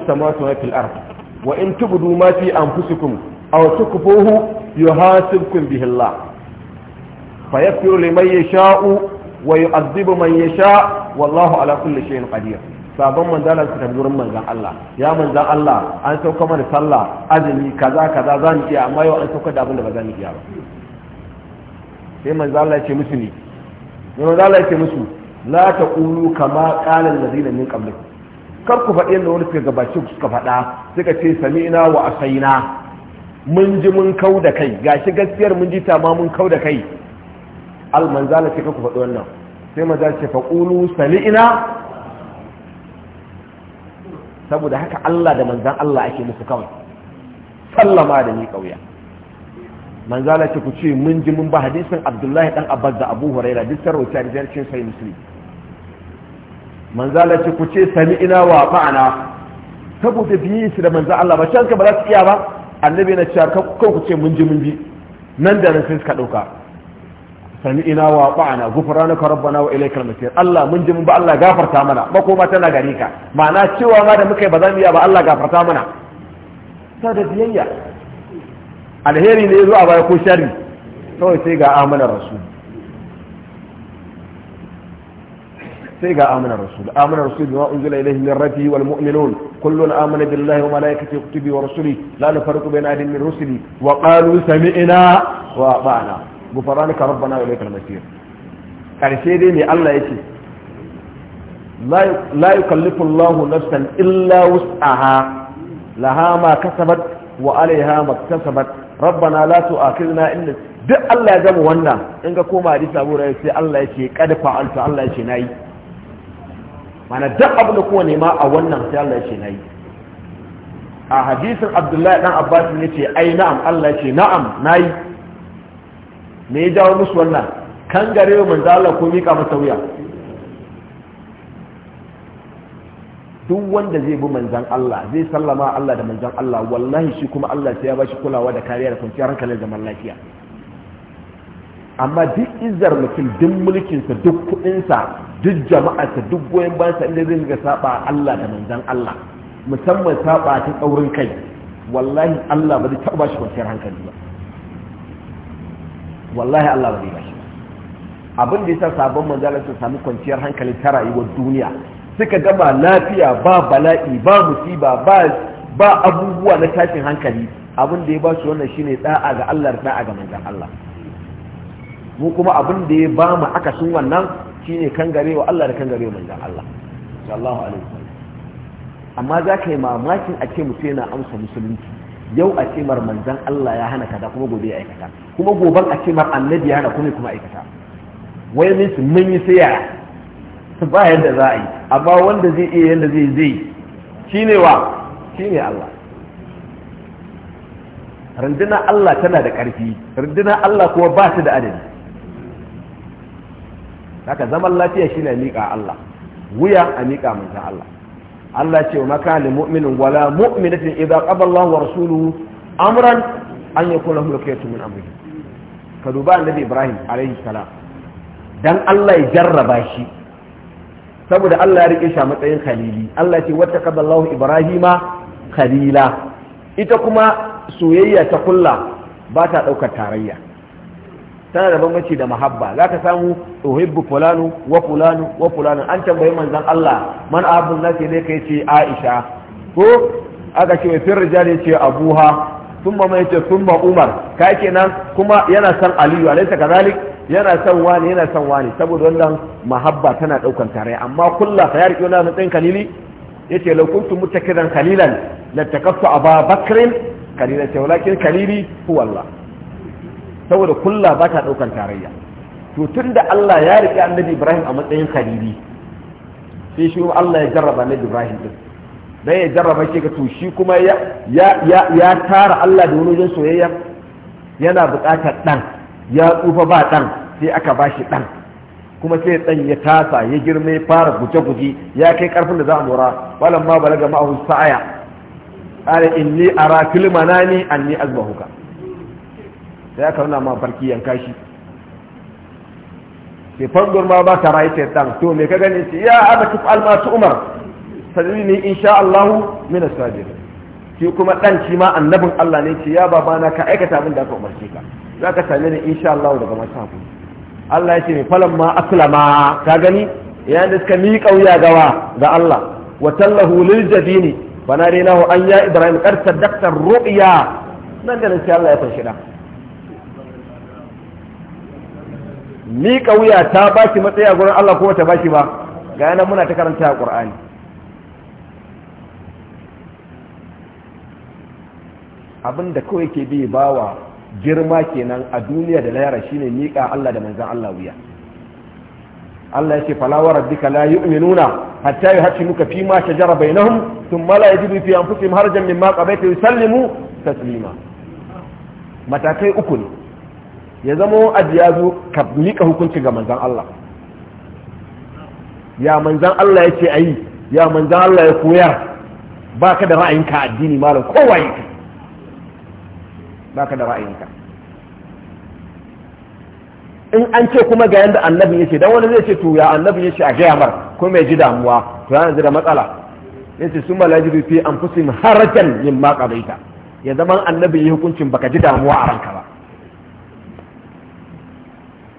wa in tubdu ma fi anfusikum aw tukfuhu yuhasibkum bihi Allah fa yaghfiru liman yasha'u wa yu'adhibu man yasha' wallahu ala kulli shay'in qadir sabon manzala su tafi wurin manzan Allah ya manzan Allah an sauka mana sallah azumi kaza kaza za ni iya amma yau an sauka da abin da ba za ni iya ba sai manzan Allah ya ce musu ne manzan Allah ya ce musu la taqulu kama qala allazina min qablikum kar ku faɗi yadda wani suka gabace ku suka faɗa suka ce sami ina wa asaina mun ji mun kau da kai gashi gaskiyar mun ji ta ma mun kau da kai almanzala ce kar ku faɗi wannan sai maza ce faƙulu ina. saboda haka Allah da manzan Allah ake musu kawai sallama da ni ƙauya. manzala ce ku ce mun ji mun ba hadisin Abdullahi dan Abbas da Abu Hurairah duk sarauta da jarcin sai musulmi manzala ce ku ce sami ina wa fa'ana, saboda biyi su da manzan Allah ba can ka ba za su iya ba annabi na cewa kan ku ce mun ji mun bi nan da nan sai suka dauka sami ina wa fa'ana ma'ana ka rabbana wa al masir Allah mun ji mun ba Allah gafarta mana ba ko ma tana gare ka ma'ana cewa ma da muka yi ba za mu iya ba Allah gafarta mana ta da biyayya alheri ne zuwa baya ko sharri kawai sai ga amanar rasul sai ga amana rasul amana rasul bima unzila ilayhi min rabbihi wal mu'minun kullun amana billahi wa malaikatihi wa kutubihi wa rusuli la nufarriqu bayna ahadin min rusuli wa qalu sami'na wa ata'na ghufranaka rabbana wa ilaykal masir karshe dai ne Allah yake la yukallifu Allahu nafsan illa wus'aha laha ma kasabat wa alaiha ma kasabat rabbana la tu'akhidna in duk Allah ya gama wannan in ga koma hadisi Abu Hurairah sai Allah yake kad fa'alta Allah yake nayi mana duk abin da kowa nema a wannan sai Allah ya ce nayi a hadisin Abdullahi dan Abbas ne ce ai na'am Allah ce na'am nayi me ya jawo musu wannan kan gare mu manzo Allah ko mika masa wuya duk wanda zai bi manzan Allah zai sallama Allah da manzan Allah wallahi shi kuma Allah sai ya bashi kulawa da kariya da kwanciyar da zaman lafiya amma duk izar mutum duk mulkinsa duk kuɗinsa duk jama'arsa duk goyon bayansa inda zai ga saba Allah da manzan Allah musamman saba ta tsaurin kai wallahi Allah ba zai taɓa shi kwanciyar hankali ba wallahi Allah ba zai shi abin da yasa sabon manzalar su sami kwanciyar hankali ta rayuwar duniya suka gama lafiya ba bala'i ba musiba ba ba abubuwa na tashin hankali abin da ya ba su wannan shine da'a ga Allah da'a ga manzan Allah mu kuma abin da ya ba mu sun wannan shine kangare wa Allah da kangare wa manzan Allah sallallahu alaihi wasallam amma za ka yi mamakin a ce mutum yana amsa musulunci yau a ce mar manzan Allah ya hana kaza kuma gobe ya aikata kuma goban a ce mar annabi ya hana kuma kuma aikata wai min su mun yi sai [laughs] ba yadda za a yi amma wanda zai iya yadda zai zai shine wa shine Allah rundunar Allah tana da ƙarfi rundunar Allah kuma ba su da adadi haka zaman lafiya shine miƙa Allah wuya a miƙa manzon Allah Allah ce wa maka lil mu'minin wala mu'minatin idza qada wa rasuluhu amran an yakuna lahu khaytun min amri ka duba annabi Ibrahim alaihi salam dan Allah ya jarraba shi saboda Allah ya rike shi a matsayin khalili Allah ce wata qada Allah Ibrahima khalila ita kuma soyayya ta kulla ba ta daukar tarayya tana da bambanci da mahabba za ka samu uhibbu fulanu wa fulanu wa fulanu an tambayi manzon Allah man abun nasi ne kai ce Aisha ko aka ce fir rijal ce abuha thumma mai ce thumma Umar kai kenan kuma yana san Aliyu alaysa kadhalik yana san wani yana san wani saboda wannan mahabba tana daukan tare amma kullu fa yarki wala mutsin kalili yace law kuntu mutakiran kalilan latakaffa Aba Bakr kalilan walakin kalili huwa Allah saboda kulla ba ta ɗaukar tarayya to tun da Allah ya riƙe annabi Ibrahim a matsayin khalili sai shi Allah ya jarraba annabi Ibrahim din dan ya jarraba shi ga to shi kuma ya ya tara Allah da wani wajen soyayya yana buƙatar dan ya tsufa ba dan sai aka ba shi dan kuma sai dan ya tasa ya girme fara guje-guje ya kai karfin da za a mora walamma balaga ma'ahu sa'aya qala inni ara kulmanani anni azbahuka sai aka nuna ma farki yanka shi sai fangon ma ba ta rayu shaitan to mai ka gani ce ya aba kif almasu umar sadari ne insha Allah mina asabir shi kuma dan shi ma annabin Allah ne ce ya babana ka aikata min da aka umarce ka za zaka same ni insha Allah daga masu haku Allah ya ce mai falan ma aslama ka gani ya da suka miƙa wuya gawa ga Allah wa tallahu lil jabini fa an ya ibrahim qad saddaqta ru'ya nan da sai Allah ya shida. miƙa wuya ta ba shi matsayi a gurin Allah ko ta ba shi ba ga yana muna ta karanta a ƙur'ani abin da kawai ke bi bawa girma kenan a duniya da layara shine miƙa Allah da manzan Allah wuya Allah ya ce falawar rabbika la yu'minuna hatta yuhaqqimuka fi ma shajara bainahum thumma la yajidu fi anfusihim harajan mimma qabaita yusallimu taslima matakai uku ne ya zama abu ya zo ka miƙa hukunci ga manzan Allah ya manzan Allah ya ce a yi ya manzan Allah ya koyar ba ka da ra'ayinka addini malam kowa yi ka ba ka da ra'ayinka in an ce kuma ga yadda annabin ya ce don wani zai ce to ya annabin ya ce a gaya mar ko mai ji damuwa to ya da matsala ya ce sun malaji fi an fusin harajan yin ma ya zama annabin ya hukuncin baka ji damuwa a ranka ba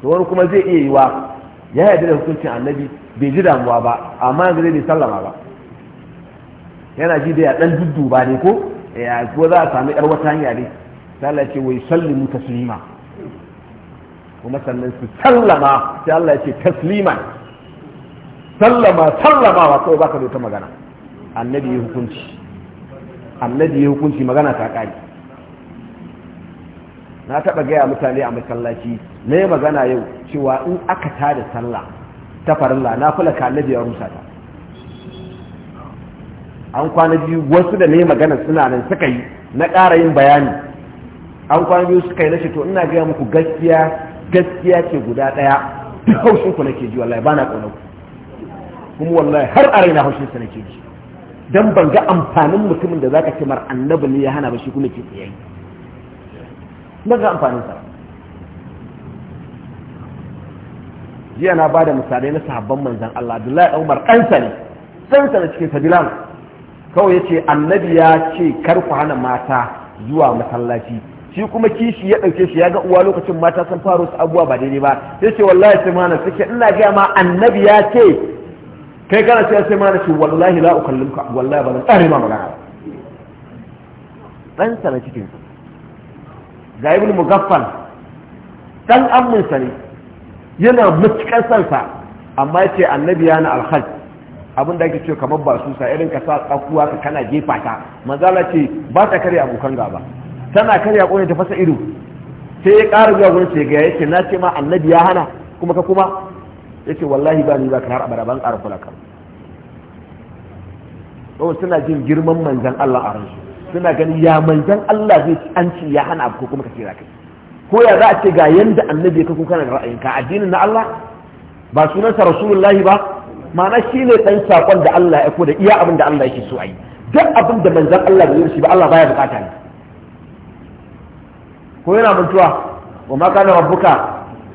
to wani kuma zai iya yiwa ya yi da hukuncin annabi bai ji damuwa ba amma yanzu zai bai sallama ba yana ji da ya dan duddu ba ne ko ya eh, ko za a sami yar wata hanya ne sai Allah ce wai sallimu taslima kuma sannan su sallama sai Allah ce taslima sallama sallama wa kawai baka da ta magana annabi ya hukunci annabi ya hukunci magana ta kare na taɓa gaya mutane a masallaci na yi magana yau cewa in aka tada sallah ta farilla na kula kalle biyar rusa ta an kwana biyu wasu da na yi magana suna nan suka yi na ƙara yin bayani an kwana biyu suka yi na to ina gaya muku gaskiya gaskiya ce guda ɗaya [coughs] haushin ku nake ji wallahi ba na ƙaunar kuma wallahi har a raina haushin na nake ji dan ban ga amfanin mutumin da zaka ce mar annabi ne ya hana ba shi kuma ke tsayayi na ga amfaninsa jiya na bada misalai na sahabban manzan Allah Abdullahi Umar ɗansa ne ɗansa da cikin sabilan kawai yace annabi ya ce kar ku hana mata zuwa masallaci shi kuma kishi ya ɗauke shi ya ga uwa lokacin mata sun faro su abuwa ba daidai ba sai ce wallahi sai mana suke ina gaya ma annabi ya ce kai kana sai sai mana shi wallahi la ukallimka wallahi ba zan tsare ma magana ba ɗansa na cikin su ga ibn mugaffal dan aminsa ne yana mutukar sansa amma yace annabi yana alhaj abin da ake ce kamar ba susa irin ka sa tsakuwa ka kana jefa ta manzala ce ba ta kare abokan gaba tana karya kone ta fasa ido sai ya ƙara zuwa gurin sai ga yace na ce ma annabi ya hana kuma ka kuma yace wallahi ba ni ba ka har ban ƙara kula ka suna jin girman manzan Allah a ransu suna ganin ya manzan Allah zai ci an ci ya hana abu ko kuma ka kira za ko ya za a ce ga yanda annabi ya kako kana da ra'ayinka addinin na Allah ba sunansa rasulullahi ba ma'ana shi ne ɗan saƙon da Allah ya ko da iya abin da Allah yake so a yi duk abin da manzan Allah bai yi ba Allah baya bukata ne ko yana mantuwa wa ma kana rabbuka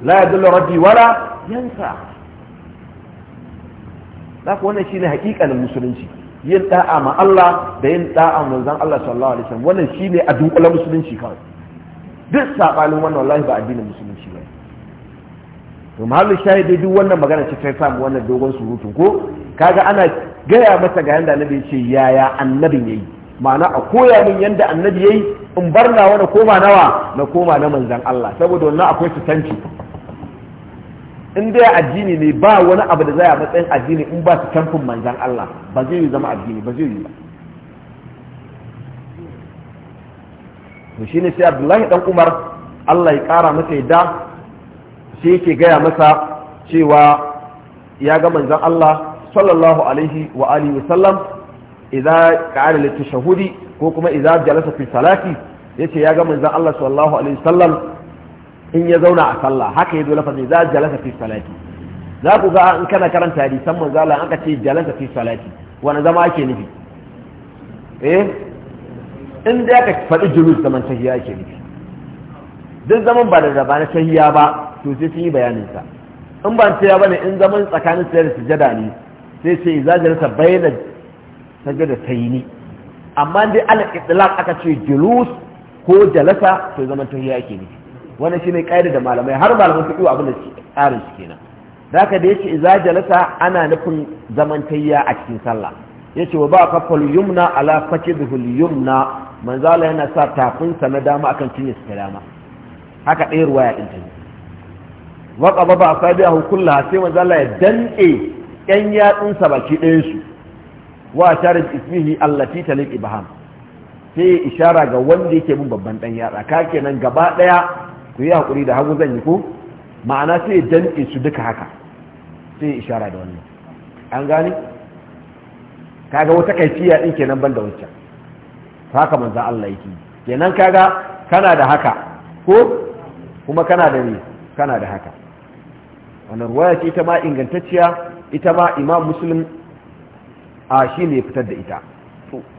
la yadullu rabbi wala yansa zaka wannan shine haƙiƙanin musulunci yin da'a ma Allah da yin da'a manzon Allah sallallahu alaihi wasallam wannan shine a dunkulan musulunci kawai duk sabanin wannan wallahi ba addinin musulunci ba to mahallu shahidi duk wannan magana ce ta samu wannan dogon surutu ko kaga ana gaya masa ga yanda annabi ce yaya annabin yayi ma'ana a koya min yanda annabi yayi in bar wani koma nawa na koma na manzon Allah saboda wannan akwai su in dai addini ne ba wani abu da zai a matsayin addini in ba su kamfin manzan Allah ba zai yi zama addini ba zai yi ba to ne sai Abdullahi dan Umar Allah ya kara masa yadda sai yake gaya masa cewa ya ga manzan Allah sallallahu alaihi wa alihi wa sallam idza li tashahudi ko kuma idza jalasa fi salati yace ya ga manzan Allah sallallahu alaihi wa sallam in ya zauna a sallah haka ya zo lafazin za a jalasa fi salati za ku ga in kana karanta san manzo an aka ce jalasa fi salati wani zama ake nufi eh in da aka faɗi julus zaman tahiya ake nufi duk zaman ba da zaba na tahiya ba to sai sun yi bayanin sa in ba yaba ne in zaman tsakanin sayar sujada ne sai ce za jalasa bayyana da tayini amma dai ala itlaq aka ce julus ko jalasa to zaman tahiya ake nufi wannan shine kaida da malamai har su fiqh abin da tsarin su kenan zaka da yace iza jalasa ana nufin zamantayya a cikin sallah yace wa ba kafal yumna ala fakidhul yumna manzala yana sa tafinsa na dama akan cinye sa dama haka ɗaya ruwaya din ta wa qaba ba asabihu kullaha sai manzala ya danke yan yatsun sa baki ɗayan su wa tarij ismihi allati taliq ibham sai ishara ga wanda yake bin babban dan yatsa ka kenan gaba ɗaya. ku yi hakuri da hagu zan yi ko ma'ana sai dan su duka haka sai ishara da wannan an gane kaga wata kaifiya din kenan banda wancan haka manzon Allah yake kenan kaga kana da haka ko kuma kana da ne kana da haka wannan ruwaya ce ita ma ingantacciya ita ma imam muslim a shi ne fitar da ita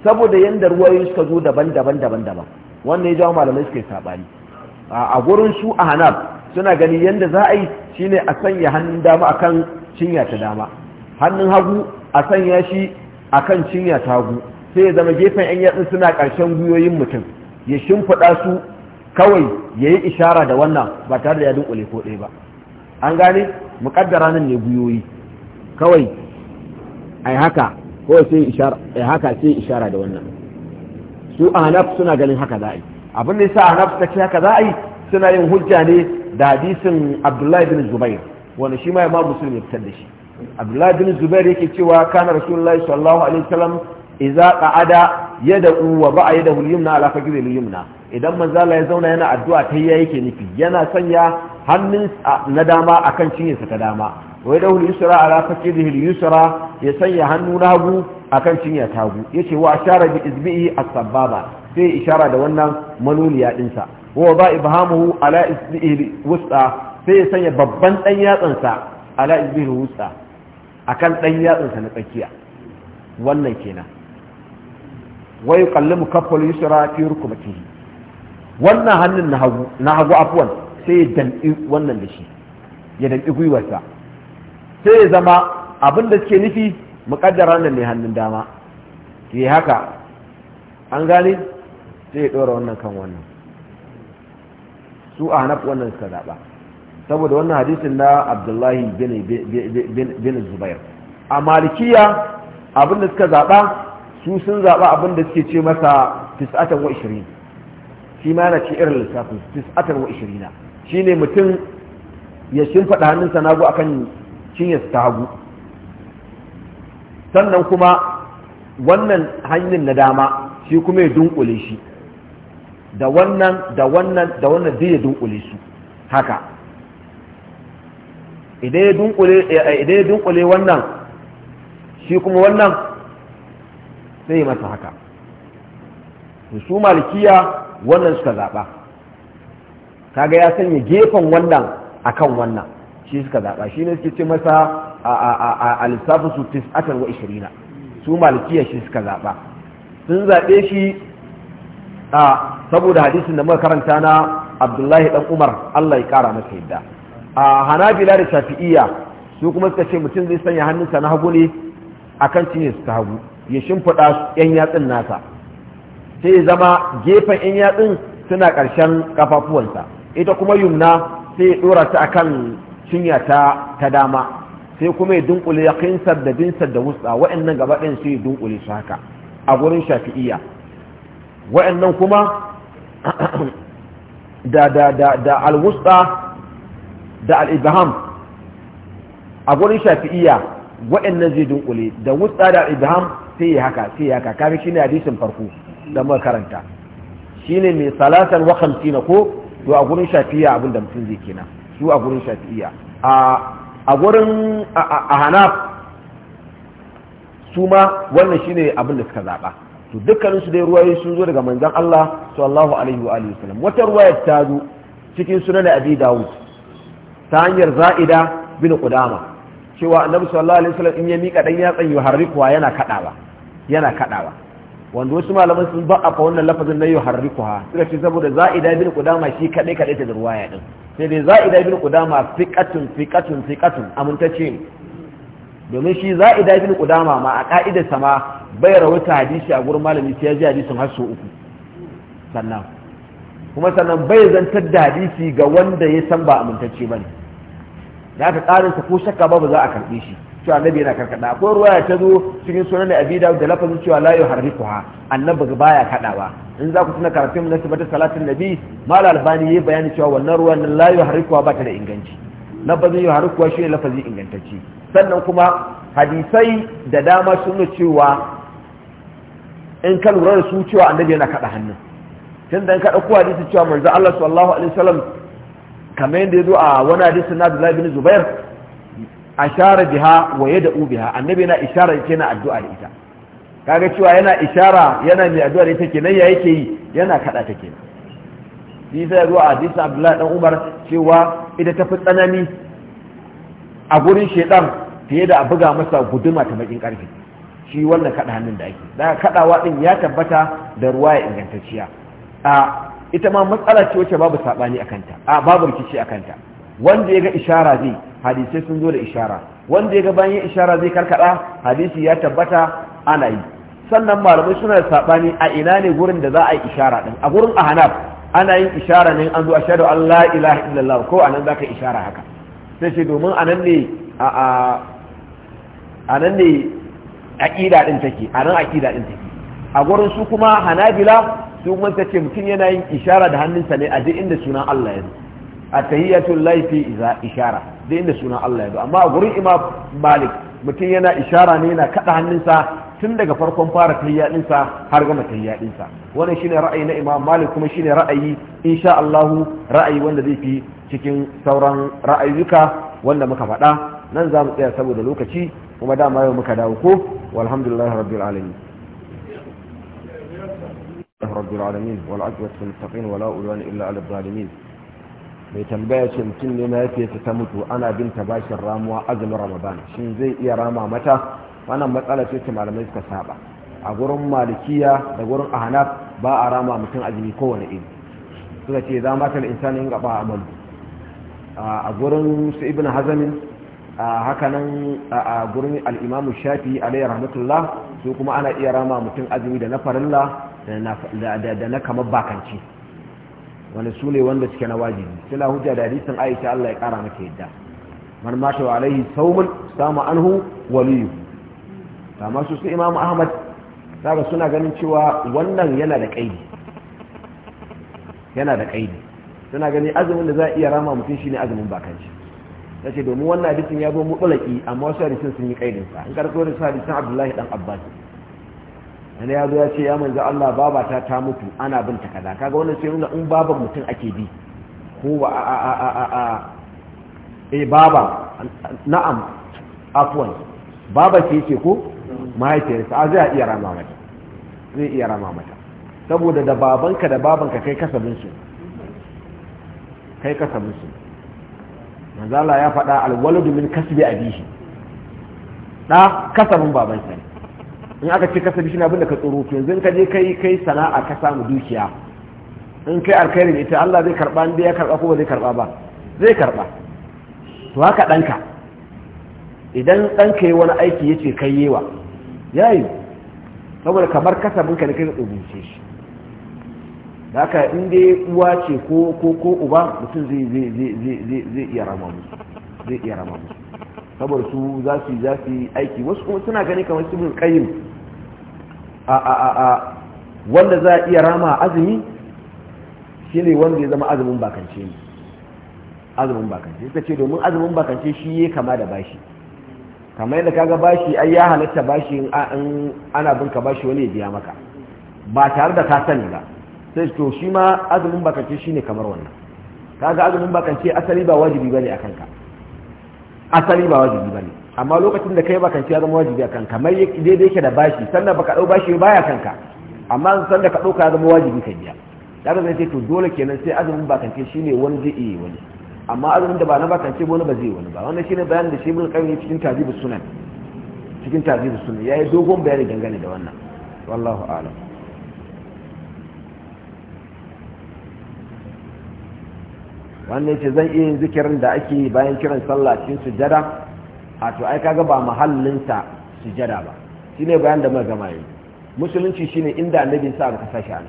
saboda yadda ruwayoyi suka zo daban-daban daban-daban wannan ya jawo malamai suka yi saɓani a gurin su a hanaf suna gani yadda za a yi shine a sanya hannun dama akan cinya ta dama hannun hagu a sanya shi akan cinya ta hagu sai ya zama gefen yan yatsun suna ƙarshen gwiwoyin mutum ya shimfiɗa su kawai ya yi ishara da wannan ba tare da ya dunkule ko ɗaya ba an gane muƙaddara nan ne gwiwoyi kawai ai haka ko sai ishara ishara da wannan su hanab suna ganin haka za a yi abin da yasa ana suka ce haka za a yi suna yin hujja ne da hadisin abdullahi bin zubair wanda shi ma imam muslim ya fitar da shi abdullahi bin zubair yake cewa kana rasulullahi sallallahu alaihi wasallam idza qa'ada yad'u wa ba'a yadahu al-yumna ala fakhri al-yumna idan manzo Allah ya zauna yana addu'a ta yake nufi yana sanya hannun na dama akan cinyarsa ta dama wai da yusra ala fakirihi yusra ya sanya hannu na hagu akan cinye ta hagu yace wa ashara bi izbihi as-sababa sai ishara da wannan manuniya dinsa wa ba ibhamuhu ala isbihi wusta sai ya sanya babban dan yatsansa ala isbihi wusta akan dan yatsansa na tsakiya wannan kenan wa yuqallimu kaffal yusra fi rukbatihi wannan hannun na hagu na hagu afwan sai ya danki wannan da shi ya danki gwiwarsa sai ya zama abin da suke nufi muqaddara nan ne hannun dama ke haka an gane sai ya ɗora wannan kan wannan su a hanaf wannan suka zaɓa saboda wannan hadisin na abdullahi bin zubair a malikiya abinda suka zaɓa su sun zaɓa abinda suke ce masa tis'atan wa ishirin shi ma yana ce irin lissafin tis'atan wa ishirin shi ne mutum ya shimfaɗa hannunsa nagu a kan su ta hagu sannan kuma wannan hanyar na dama shi kuma ya dunkule shi da wannan da wannan da wannan zai ya dunkule su haka idan ya dunkule idan ya dunkule wannan shi kuma wannan sai masa haka su malikiya wannan suka zaɓa kaga ya sanya gefen wannan akan wannan shi suka zaɓa shi ne suke ce masa a lissafin su 29 su malikiya shi suka zaɓa sun zaɓe shi a saboda hadisin da muka karanta na abdullahi dan umar allah ya kara masa yadda a hanabila da shafi'iyya su kuma suka ce mutum zai sanya hannunsa na hagu ne akan cinye su ta hagu ya shimfiɗa yan yatsun nasa sai ya zama gefen yan yatsun suna ƙarshen kafafuwansa ita kuma yumna sai ya ɗora ta akan cinya ta ta dama sai kuma ya dunkule yakin kinsar da binsar da wutsa wa'annan gaba ɗayan sai ya dunkule su haka a gurin shafi'iyya wa'annan kuma da da da da al-wusta da al-ibham a gurin shafi'iyya wa'annan zai kuli da wusta da al-ibham sai ya haka sai ya haka kafin shine hadisin farko da muka karanta shine mai salatan wa khamsina ko to a gurin shafi'iyya abin da mutum zai kenan su a gurin shafi'iyya a a gurin a hanaf su ma wannan shine abin da suka zaba to dukkanin su dai ruwayoyi sun zo daga manzon Allah sallallahu alaihi wa alihi wasallam wata ruwaya ta zo cikin sunan Abi Dawud ta hanyar Za'ida bin Qudama cewa Annabi sallallahu alaihi wasallam in ya mika dan yatsan yuharrikuwa yana kadawa yana kadawa wanda wasu malaman sun ba a wannan lafazin na yuharrikuha suka ce saboda Za'ida bin Qudama shi kadai kadai ta ruwaya din sai dai Za'ida bin Qudama fiqatun fiqatun fiqatun amintacce ne domin shi za a idafin kudama ma a ka'idar sama bai rawaita hadisi a gurin malami sai ya ji hadisin har uku sannan kuma sannan bai zantar da hadisi ga wanda ya san ba amintacce ba ne ya ka tsarin ko shakka ba ba za a karɓe shi cewa annabi yana karkada akwai ya ta zo cikin sunan abi da lafazin cewa la ha annabi baya kadawa in za ku tuna karatun na tabbata salatin nabi mal albani yayi bayani cewa wannan ruwan la yuharrikuha ba ta da inganci lafazin shi shine lafazin ingantacce sannan kuma hadisai da dama sun cewa in ka lura da su cewa annabi yana kada hannu. tun da in ka ɗauko hadisi cewa manzo Allah sallallahu alaihi wasallam kamar yadda ya zo a wani hadisi na Abdullah bin Zubair ashara biha wa yad'u biha annabi yana ishara yake na addu'a da ita kaga cewa yana ishara yana mai addu'a da ita kenan ya yake yi yana kada ta kenan sai zo a hadisin Abdullah dan Umar cewa idan ta fi tsanani a gurin shedan fiye da a buga masa guduma ta makin karfi shi wannan kada hannun da ake da kadawa din ya tabbata da ruwa ya ingantacciya a ita ma matsala ce wacce babu sabani akanta a babu rikici akanta wanda ya ga ishara zai hadisai sun zo da ishara wanda ya ga bayan ishara zai karkaɗa, hadisi ya tabbata ana yi sannan malamai suna da sabani a ina ne gurin da za a yi ishara ɗin? a gurin ahnaf ana yin ishara ne an zo a an la ilaha illallah ko anan zaka ishara haka sai ce domin a nan ne a ne aƙida ɗin take a nan aƙida ɗin take a gurin su kuma hanabila su kuma ta ce mutum yana yin ishara da hannunsa ne a duk inda sunan Allah ya zo a tahiyatul laifi iza ishara duk inda sunan Allah ya zo amma a gurin imam malik mutum yana ishara ne yana kada hannunsa tun daga farkon fara tahiyya dinsa har gama tahiyya wannan shine ra'ayi na imam malik kuma shine ra'ayi insha Allah ra'ayi wanda zai fi cikin sauran ra'ayuka wanda muka faɗa nan za mu tsaya saboda lokaci kuma dama yau muka dawo ko walhamdulillah rabbil alamin رب العالمين والعقبة للمتقين ولا عدوان إلا على mai tambaya ce mutum ne na yake ta mutu ana bin ta bashin ramuwa azumin ramadan shin zai iya rama mata wannan matsala ce malamai suka saba a gurin malikiya da gurin ahnaf ba a rama mutum azumi kowane iri suka ce za mata da insanin gaba amalu a gurin su ibn hazamin hakanan a gurin al'imamu shafi alayhi rahmatullah su kuma ana iya rama mutum azumi da na farilla da na kamar bakanci wani su ne wanda suke na wajibi suna hujja da hadisun aisha allah ya kara maka yadda man mata wa alaihi saumun samu anhu waliyu amma su su imamu ahmad saba suna ganin cewa wannan yana da kaidi yana da kaidi suna gani azumin da za a iya rama mutum shine azumin bakanci ta ce domin wannan hadisin ya zo mutsalaki amma wasu hadisin sun yi kaidin sa in karɓo da hadisin abdullahi dan abbas wani ya zo ya ce ya manzo allah baba ta ta mutu ana bin ta kaza kaga wannan sai nuna in baban mutum ake bi ko ba a a a a a eh baba na'am afwan baba ce ce ko mahaifiyarsa a zai iya rama mata zai iya rama mata saboda da babanka da babanka kai kasabin su kai ka samu manzala ya faɗa alwaladu min kasbi abihi da kasabin baban sa in aka ce kasabi shi na abinda ka tsoro to yanzu ka je kai kai sana'a ka samu dukiya in kai alkhairi ita Allah zai karba in ya karba ko ba zai karba ba zai karba to haka danka idan danka yi wani aiki yace kai yewa yayi saboda kamar kasabin ka ne kai ka tsobince shi da haka in dai uwa ce ko ko ko uba mutum zai zai zai zai zai iya rama musu zai iya rama musu saboda su za su za su aiki wasu kuma suna gani kamar su bin kayyim a a a a wanda za a iya rama azumi shine wanda ya zama azumin bakance ne azumin bakance suka ce domin azumin bakance shi ya kama da bashi kamar yadda kaga bashi ai ya halatta bashi in ana bin ka bashi wani ya biya maka ba tare da ka sani ba sai to shi ma azumin bakance ne kamar wannan kaga azumin bakance asali ba wajibi bane akan ka asali ba wajibi bane amma lokacin da kai bakance ya zama wajibi akan ka mai daidai yake da bashi sannan baka dau bashi baya kanka amma san da ka dauka ya zama wajibi ka biya daga zai ce to dole kenan sai azumin bakance ne wani zai iya wani amma azumin da ba na bakance wani ba zai wani ba wannan shine bayanin da shi mun kai cikin tajibu sunan cikin tajibu sunan yayi dogon bayani dangane da wannan wallahu a'lam wannan yace zan iya yin zikirin da ake bayan kiran sallah cikin sujada a to ai kaga ba mahallin sujada ba shine bayan da muka gama yi musulunci shine inda annabi sa aka sashi an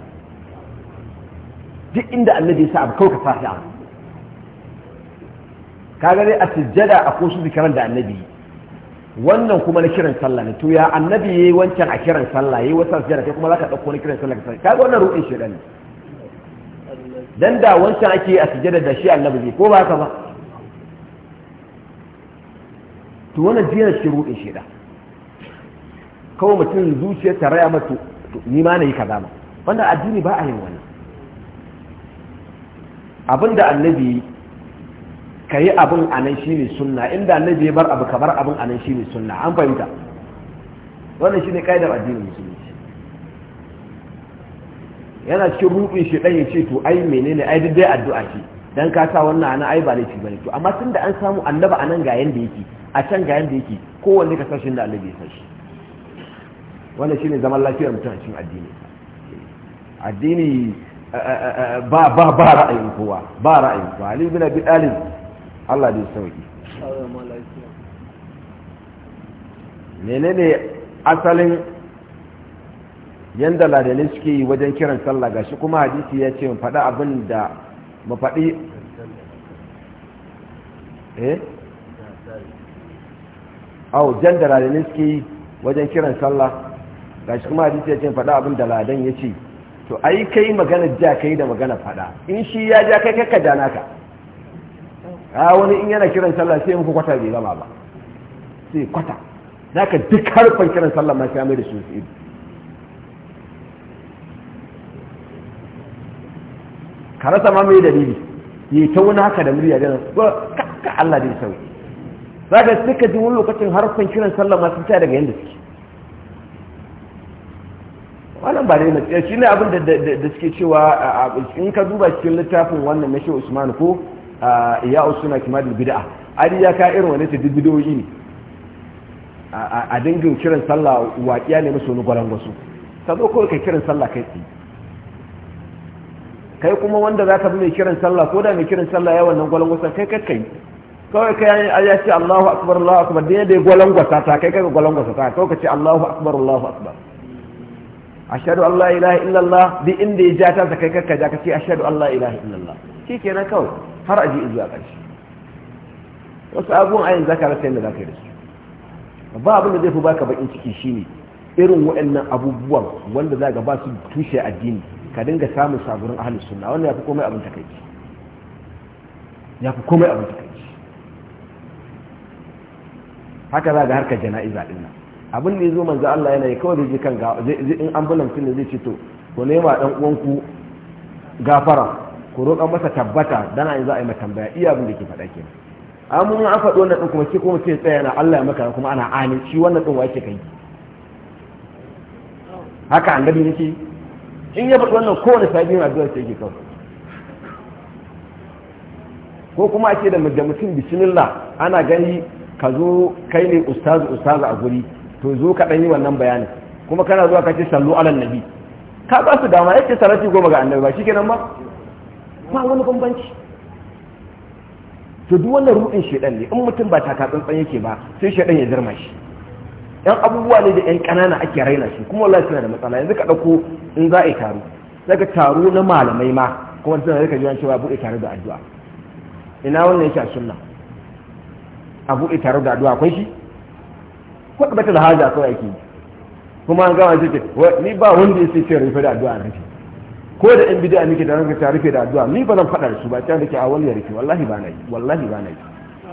duk inda annabi sa aka kauka sashi an kaga dai a sujada a ko su zikiran da annabi wannan kuma na kiran sallah ne to ya annabi yayi wancan a kiran sallah yayi wasa sujada kai kuma zaka dauko na kiran sallah kaga wannan ruɗin shedan ne dan da wancan ake a sujada da shi annabi ko ba haka ba to wannan jiya shi rudin shi da kawai mutum zuciya ta raya mata ni ma nayi kaza ma wannan addini ba a yin wannan abinda annabi ka yi abin a nan shi ne sunna inda annabi ya bar abu ka bar abin a nan shi ne sunna an fahimta wannan shi ne ƙa'idar addinin musulmi yana cikin rubin shi dan ya ce to ai menene ai duk dai addu'a ce dan ka sa wannan ana ai ba ci bane to amma tunda an samu annaba anan ga yanda yake a can ga yanda yake kowanne ka sashin da annabi ya sashi wanda shine zaman lafiyar mutum a cikin addini addini eh, eh, eh, ba ba ba ra'ayin kowa ba ra'ayin kowa ali bin abi talib Allah da ya sauki menene asalin yanda ladanai suke yi wajen kiran sallah gashi kuma hadisi ya ce mu faɗi abin da mu faɗi eh awo jan da ladanai suke yi wajen kiran sallah gashi kuma hadisi ya ce mu faɗi abin da ladan ya ce to ai kai magana ja kai da magana faɗa in shi ya ja kai kakka ja naka a wani in yana kiran sallah sai muku kwata bai gama ba sai kwata zaka duk harfan kiran sallah ma sai mai da su ka rasa ma mai dalili yi ta wani haka da murya ganin ba ka Allah da ya sauki za ka suka ji wani lokacin harkon kiran sallah masu ta daga yadda suke wannan ba dai matsaya shi ne abin da suke cewa in ka duba cikin littafin wannan na shi usman ko ya usuna da bid'a ari ya ka irin wani ta dubidoyi ne a dangin kiran sallah waƙiya ne musu wani gwaran wasu ka zo kawai ka kiran sallah kai tsaye kai kuma wanda za ka bi mai kiran sallah ko da mai kiran sallah ya wannan gwalangwasa kai kai kai kawai kai yayin ya ce Allahu akbar Allahu akbar da dai ya gwalangwasa ta kai kai gwalangwasa ta kawai ka ce Allahu akbar Allahu akbar ashhadu an la ilaha illallah bi inda ya jata ta kai kai ja ka ce ashhadu an la ilaha illallah shikenan kawai har aji zuwa ƙarshe wasu abubuwan ayin zaka rasa yadda zaka yi da su ba abin da zai fi baka bakin ciki shine irin waɗannan abubuwan wanda za ga ba su tushe addini ka dinga samun sabon ahalus suna wannan ya fi komai abin takaici ya fi komai abin takaici haka za ga harkar jana'iza din nan abin da ya zo manzo Allah yana yi kawai da jikan ga in in ambulance ne zai ce to ko nema dan uwanku gafara ku roƙa masa tabbata dana yanzu a yi tambaya iya abin da ke faɗa ke amma mun an faɗo wannan ɗin kuma ke kuma sai tsaya na Allah ya maka kuma ana amin shi wannan ɗin wa yake kai haka annabi yake in ya faɗi wannan kowane sabi yana addu'a sai yake kawo ko kuma ake da mutum bismillah ana gani ka zo kai ne ustazu ustazu a guri to zo ka ɗanyi wannan bayani kuma kana zuwa ka ce sallu alal nabi ka ba su dama yake sarati goma ga annabi ba shikenan ba ba wani bambanci to duk wannan ruɗin shedan ne in mutum ba taka yake ba sai shedan ya jirma shi yan abubuwa ne da yan ƙanana ake raina shi kuma wallahi suna da matsala yanzu ka ɗauko in za a yi taro daga taro na malamai ma kuma suna rika jiran cewa buɗe taro da addu'a ina wannan yake a sunna a buɗe taro da addu'a akwai shi ko ka bata da haja kawai ake yi kuma an gama ce ni ba wanda ya ce rufe da addu'a rufe ko da yan bid'a nake da rufe ta rufe da addu'a ni ba zan faɗa da su ba can da ke a wani ya rufe wallahi ba na yi wallahi ba na yi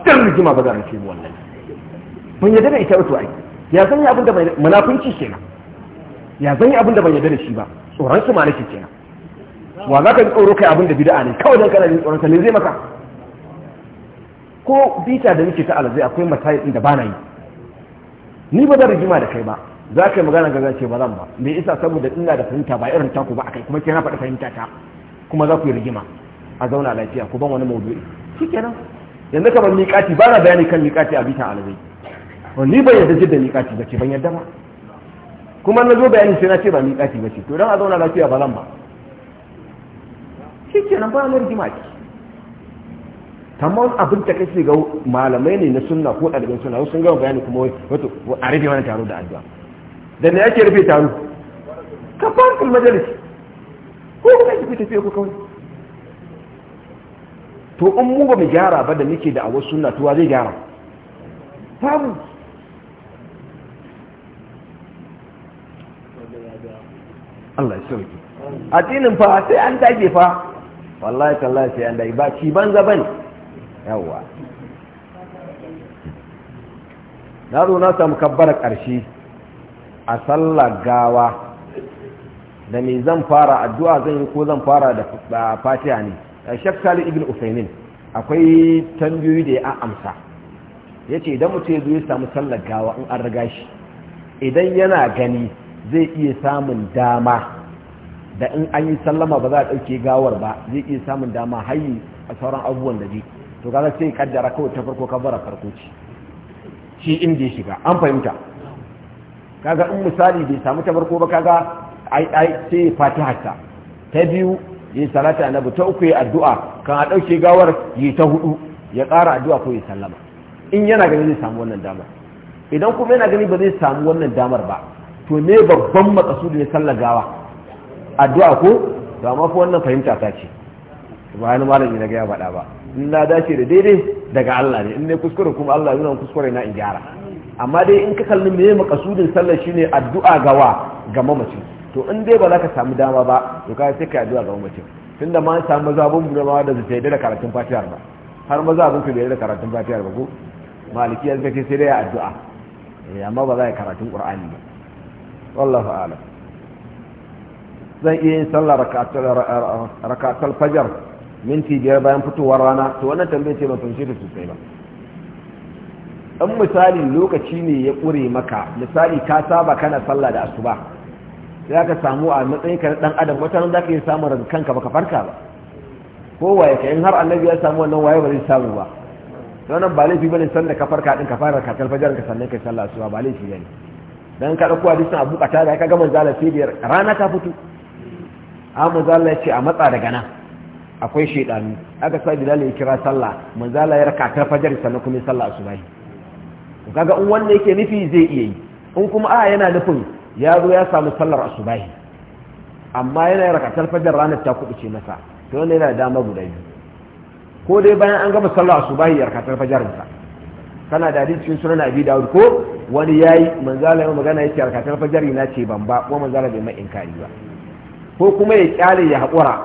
dan rigima ba a rufe wallahi ban yadda da ita wato aiki ya zan yi abin da bai munafunci kenan ya zan yi abinda da yarda da shi ba tsoron su ma nake kenan wa za ka yi tsoro kai abin da ne kawai don kana jin tsoron sa ne zai maka ko bita da nake ta alazai akwai matayi inda ba na yi ni ba zan rigima da kai ba za ka yi magana ga zance ba zan ba me isa saboda ina da fahimta ba irin taku ba akai kuma kina faɗi fahimta ta kuma za ku yi rigima a zauna lafiya ku ban wani maudu'i shikenan yanzu ka ban miƙati ba na bayani kan miƙati a bita alazai ni ban yadda jidda miƙaci ba ce ban yadda ba kuma na zo bayani sai na ce ba miƙaci ba ce to don a zauna lafiya ba zan ba shi ke nan ba na rigima ce tamman abin ta kace ga malamai ne na sunna ko ɗalibin sunna sun gama bayani kuma wato a rufe wani taro da addu'a da me yake rufe taro ka farkul majalis ko kai fita fiye ko kawai to in mu ba mu gyara ba da muke da wasu sunna to wa zai gyara babu Allah ya sauke tinin fa sai an dage fa wallahi tallahi sai an dage ba ci banza bane yawa na zo na samu kabbar ƙarshe a sallar gawa da me zan fara addu'a zan yi ko zan fara da fatiha ne shek sali ibn Usainin, akwai tambayoyi da ya amsa ya ce idan mutum ya zo ya samu sallar gawa in an riga shi idan yana gani zai iya samun dama da in an yi sallama ba za a ɗauke gawar ba zai iya samun dama hayi a sauran abubuwan da zai to gaza sai kaddara kawai ta farko kabara farko ce shi inda ya shiga an fahimta kaga in misali bai samu ta farko ba kaga ai ai sai fati ta ta biyu yi salata annabi ta uku ya addu'a kan a ɗauke gawar yi ta hudu ya ƙara addu'a ko ya sallama in yana ganin zai samu wannan damar idan kuma yana gani ba zai samu wannan damar ba to ne babban makasudi ne sallar gawa addu'a ko da ma ko wannan fahimta ta ce ba ni malami na ga ya faɗa ba in na dace da daidai daga Allah ne in ne kuskure kuma Allah yana kuskure na in gyara amma dai in ka kalli me makasudin sallar shine addu'a gawa ga mamaci to in dai ba za ka samu dama ba to ka sai ka addu'a ga mamaci tunda ma an samu mazabun ma da zai da karatun fatiyar ba har mazabun ku da karatun fatiyar ba ko maliki yanzu kace sai dai addu'a eh, amma ba za ka karatun qur'ani ba wallahu alam zan iya yin sallah rakatul fajar minti biyar bayan fitowar rana to wannan tambaye ce ban shirin ta sosai ba in misali lokaci ne ya ƙure maka misali ka saba kana sallah da asuba sai ka samu a matsayin ka dan adam wata ran zaka iya samu ran kanka baka farka ba ko waye ka in har annabi ya samu wannan waye ba zai samu ba wannan ba laifi bane sallah ka farka din ka fara ka fajar ka sannan kai sallah asuba ba laifi bane dan ka dauko hadisin Abu Qatada ka ga manzo Allah sai rana ta fito a manzo Allah ya ce a matsa daga nan akwai shedani aka sa Bilal ya kira sallah manzo Allah ya raka ta fajar sannan kuma sallah asubahi kaga in wanda yake nufi zai iya yi in kuma a yana nufin ya zo ya samu sallar asubahi amma yana ta fajar ranar ta ce masa to wannan yana da dama guda biyu ko dai bayan an gama sallar asubahi ya fajar fajarinsa kana da hadisi cikin sunan abi dawud ko wani yayi manzo Allah magana yake alkatan fajari na ce ban ba ko manzo Allah bai mai inkari ba ko kuma ya kyale ya hakura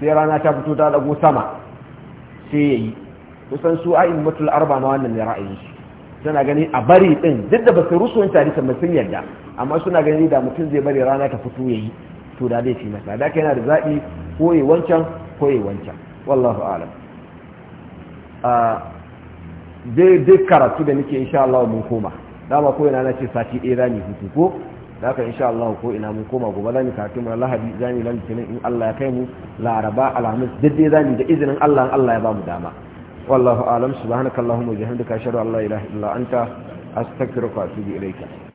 sai rana ta fito ta dago sama sai ya yi kusan su a'in mutul arba ma wannan ne ra'ayin shi suna gani a bari din duk da ba su rusu wani tarihi ba sun yarda amma suna gani da mutum zai bari rana ta fito ya yi to da zai fi masa da yana da zaɓi ko ya wancan ko ya wancan wallahu alam ah, zai duk karatu da nake insha Allah mun koma dama ko ina na ce sati ɗaya za mu hutu ko da ka insha Allah ko ina mun koma gobe za mu karatu mu lahadi za mu lantinin in Allah ya kai mu laraba alhamis daidai za mu da izinin Allah in Allah ya ba mu dama wallahu alam subhanakallahumma wa bihamdika ashhadu an la ilaha illa anta astaghfiruka wa atubu ilayka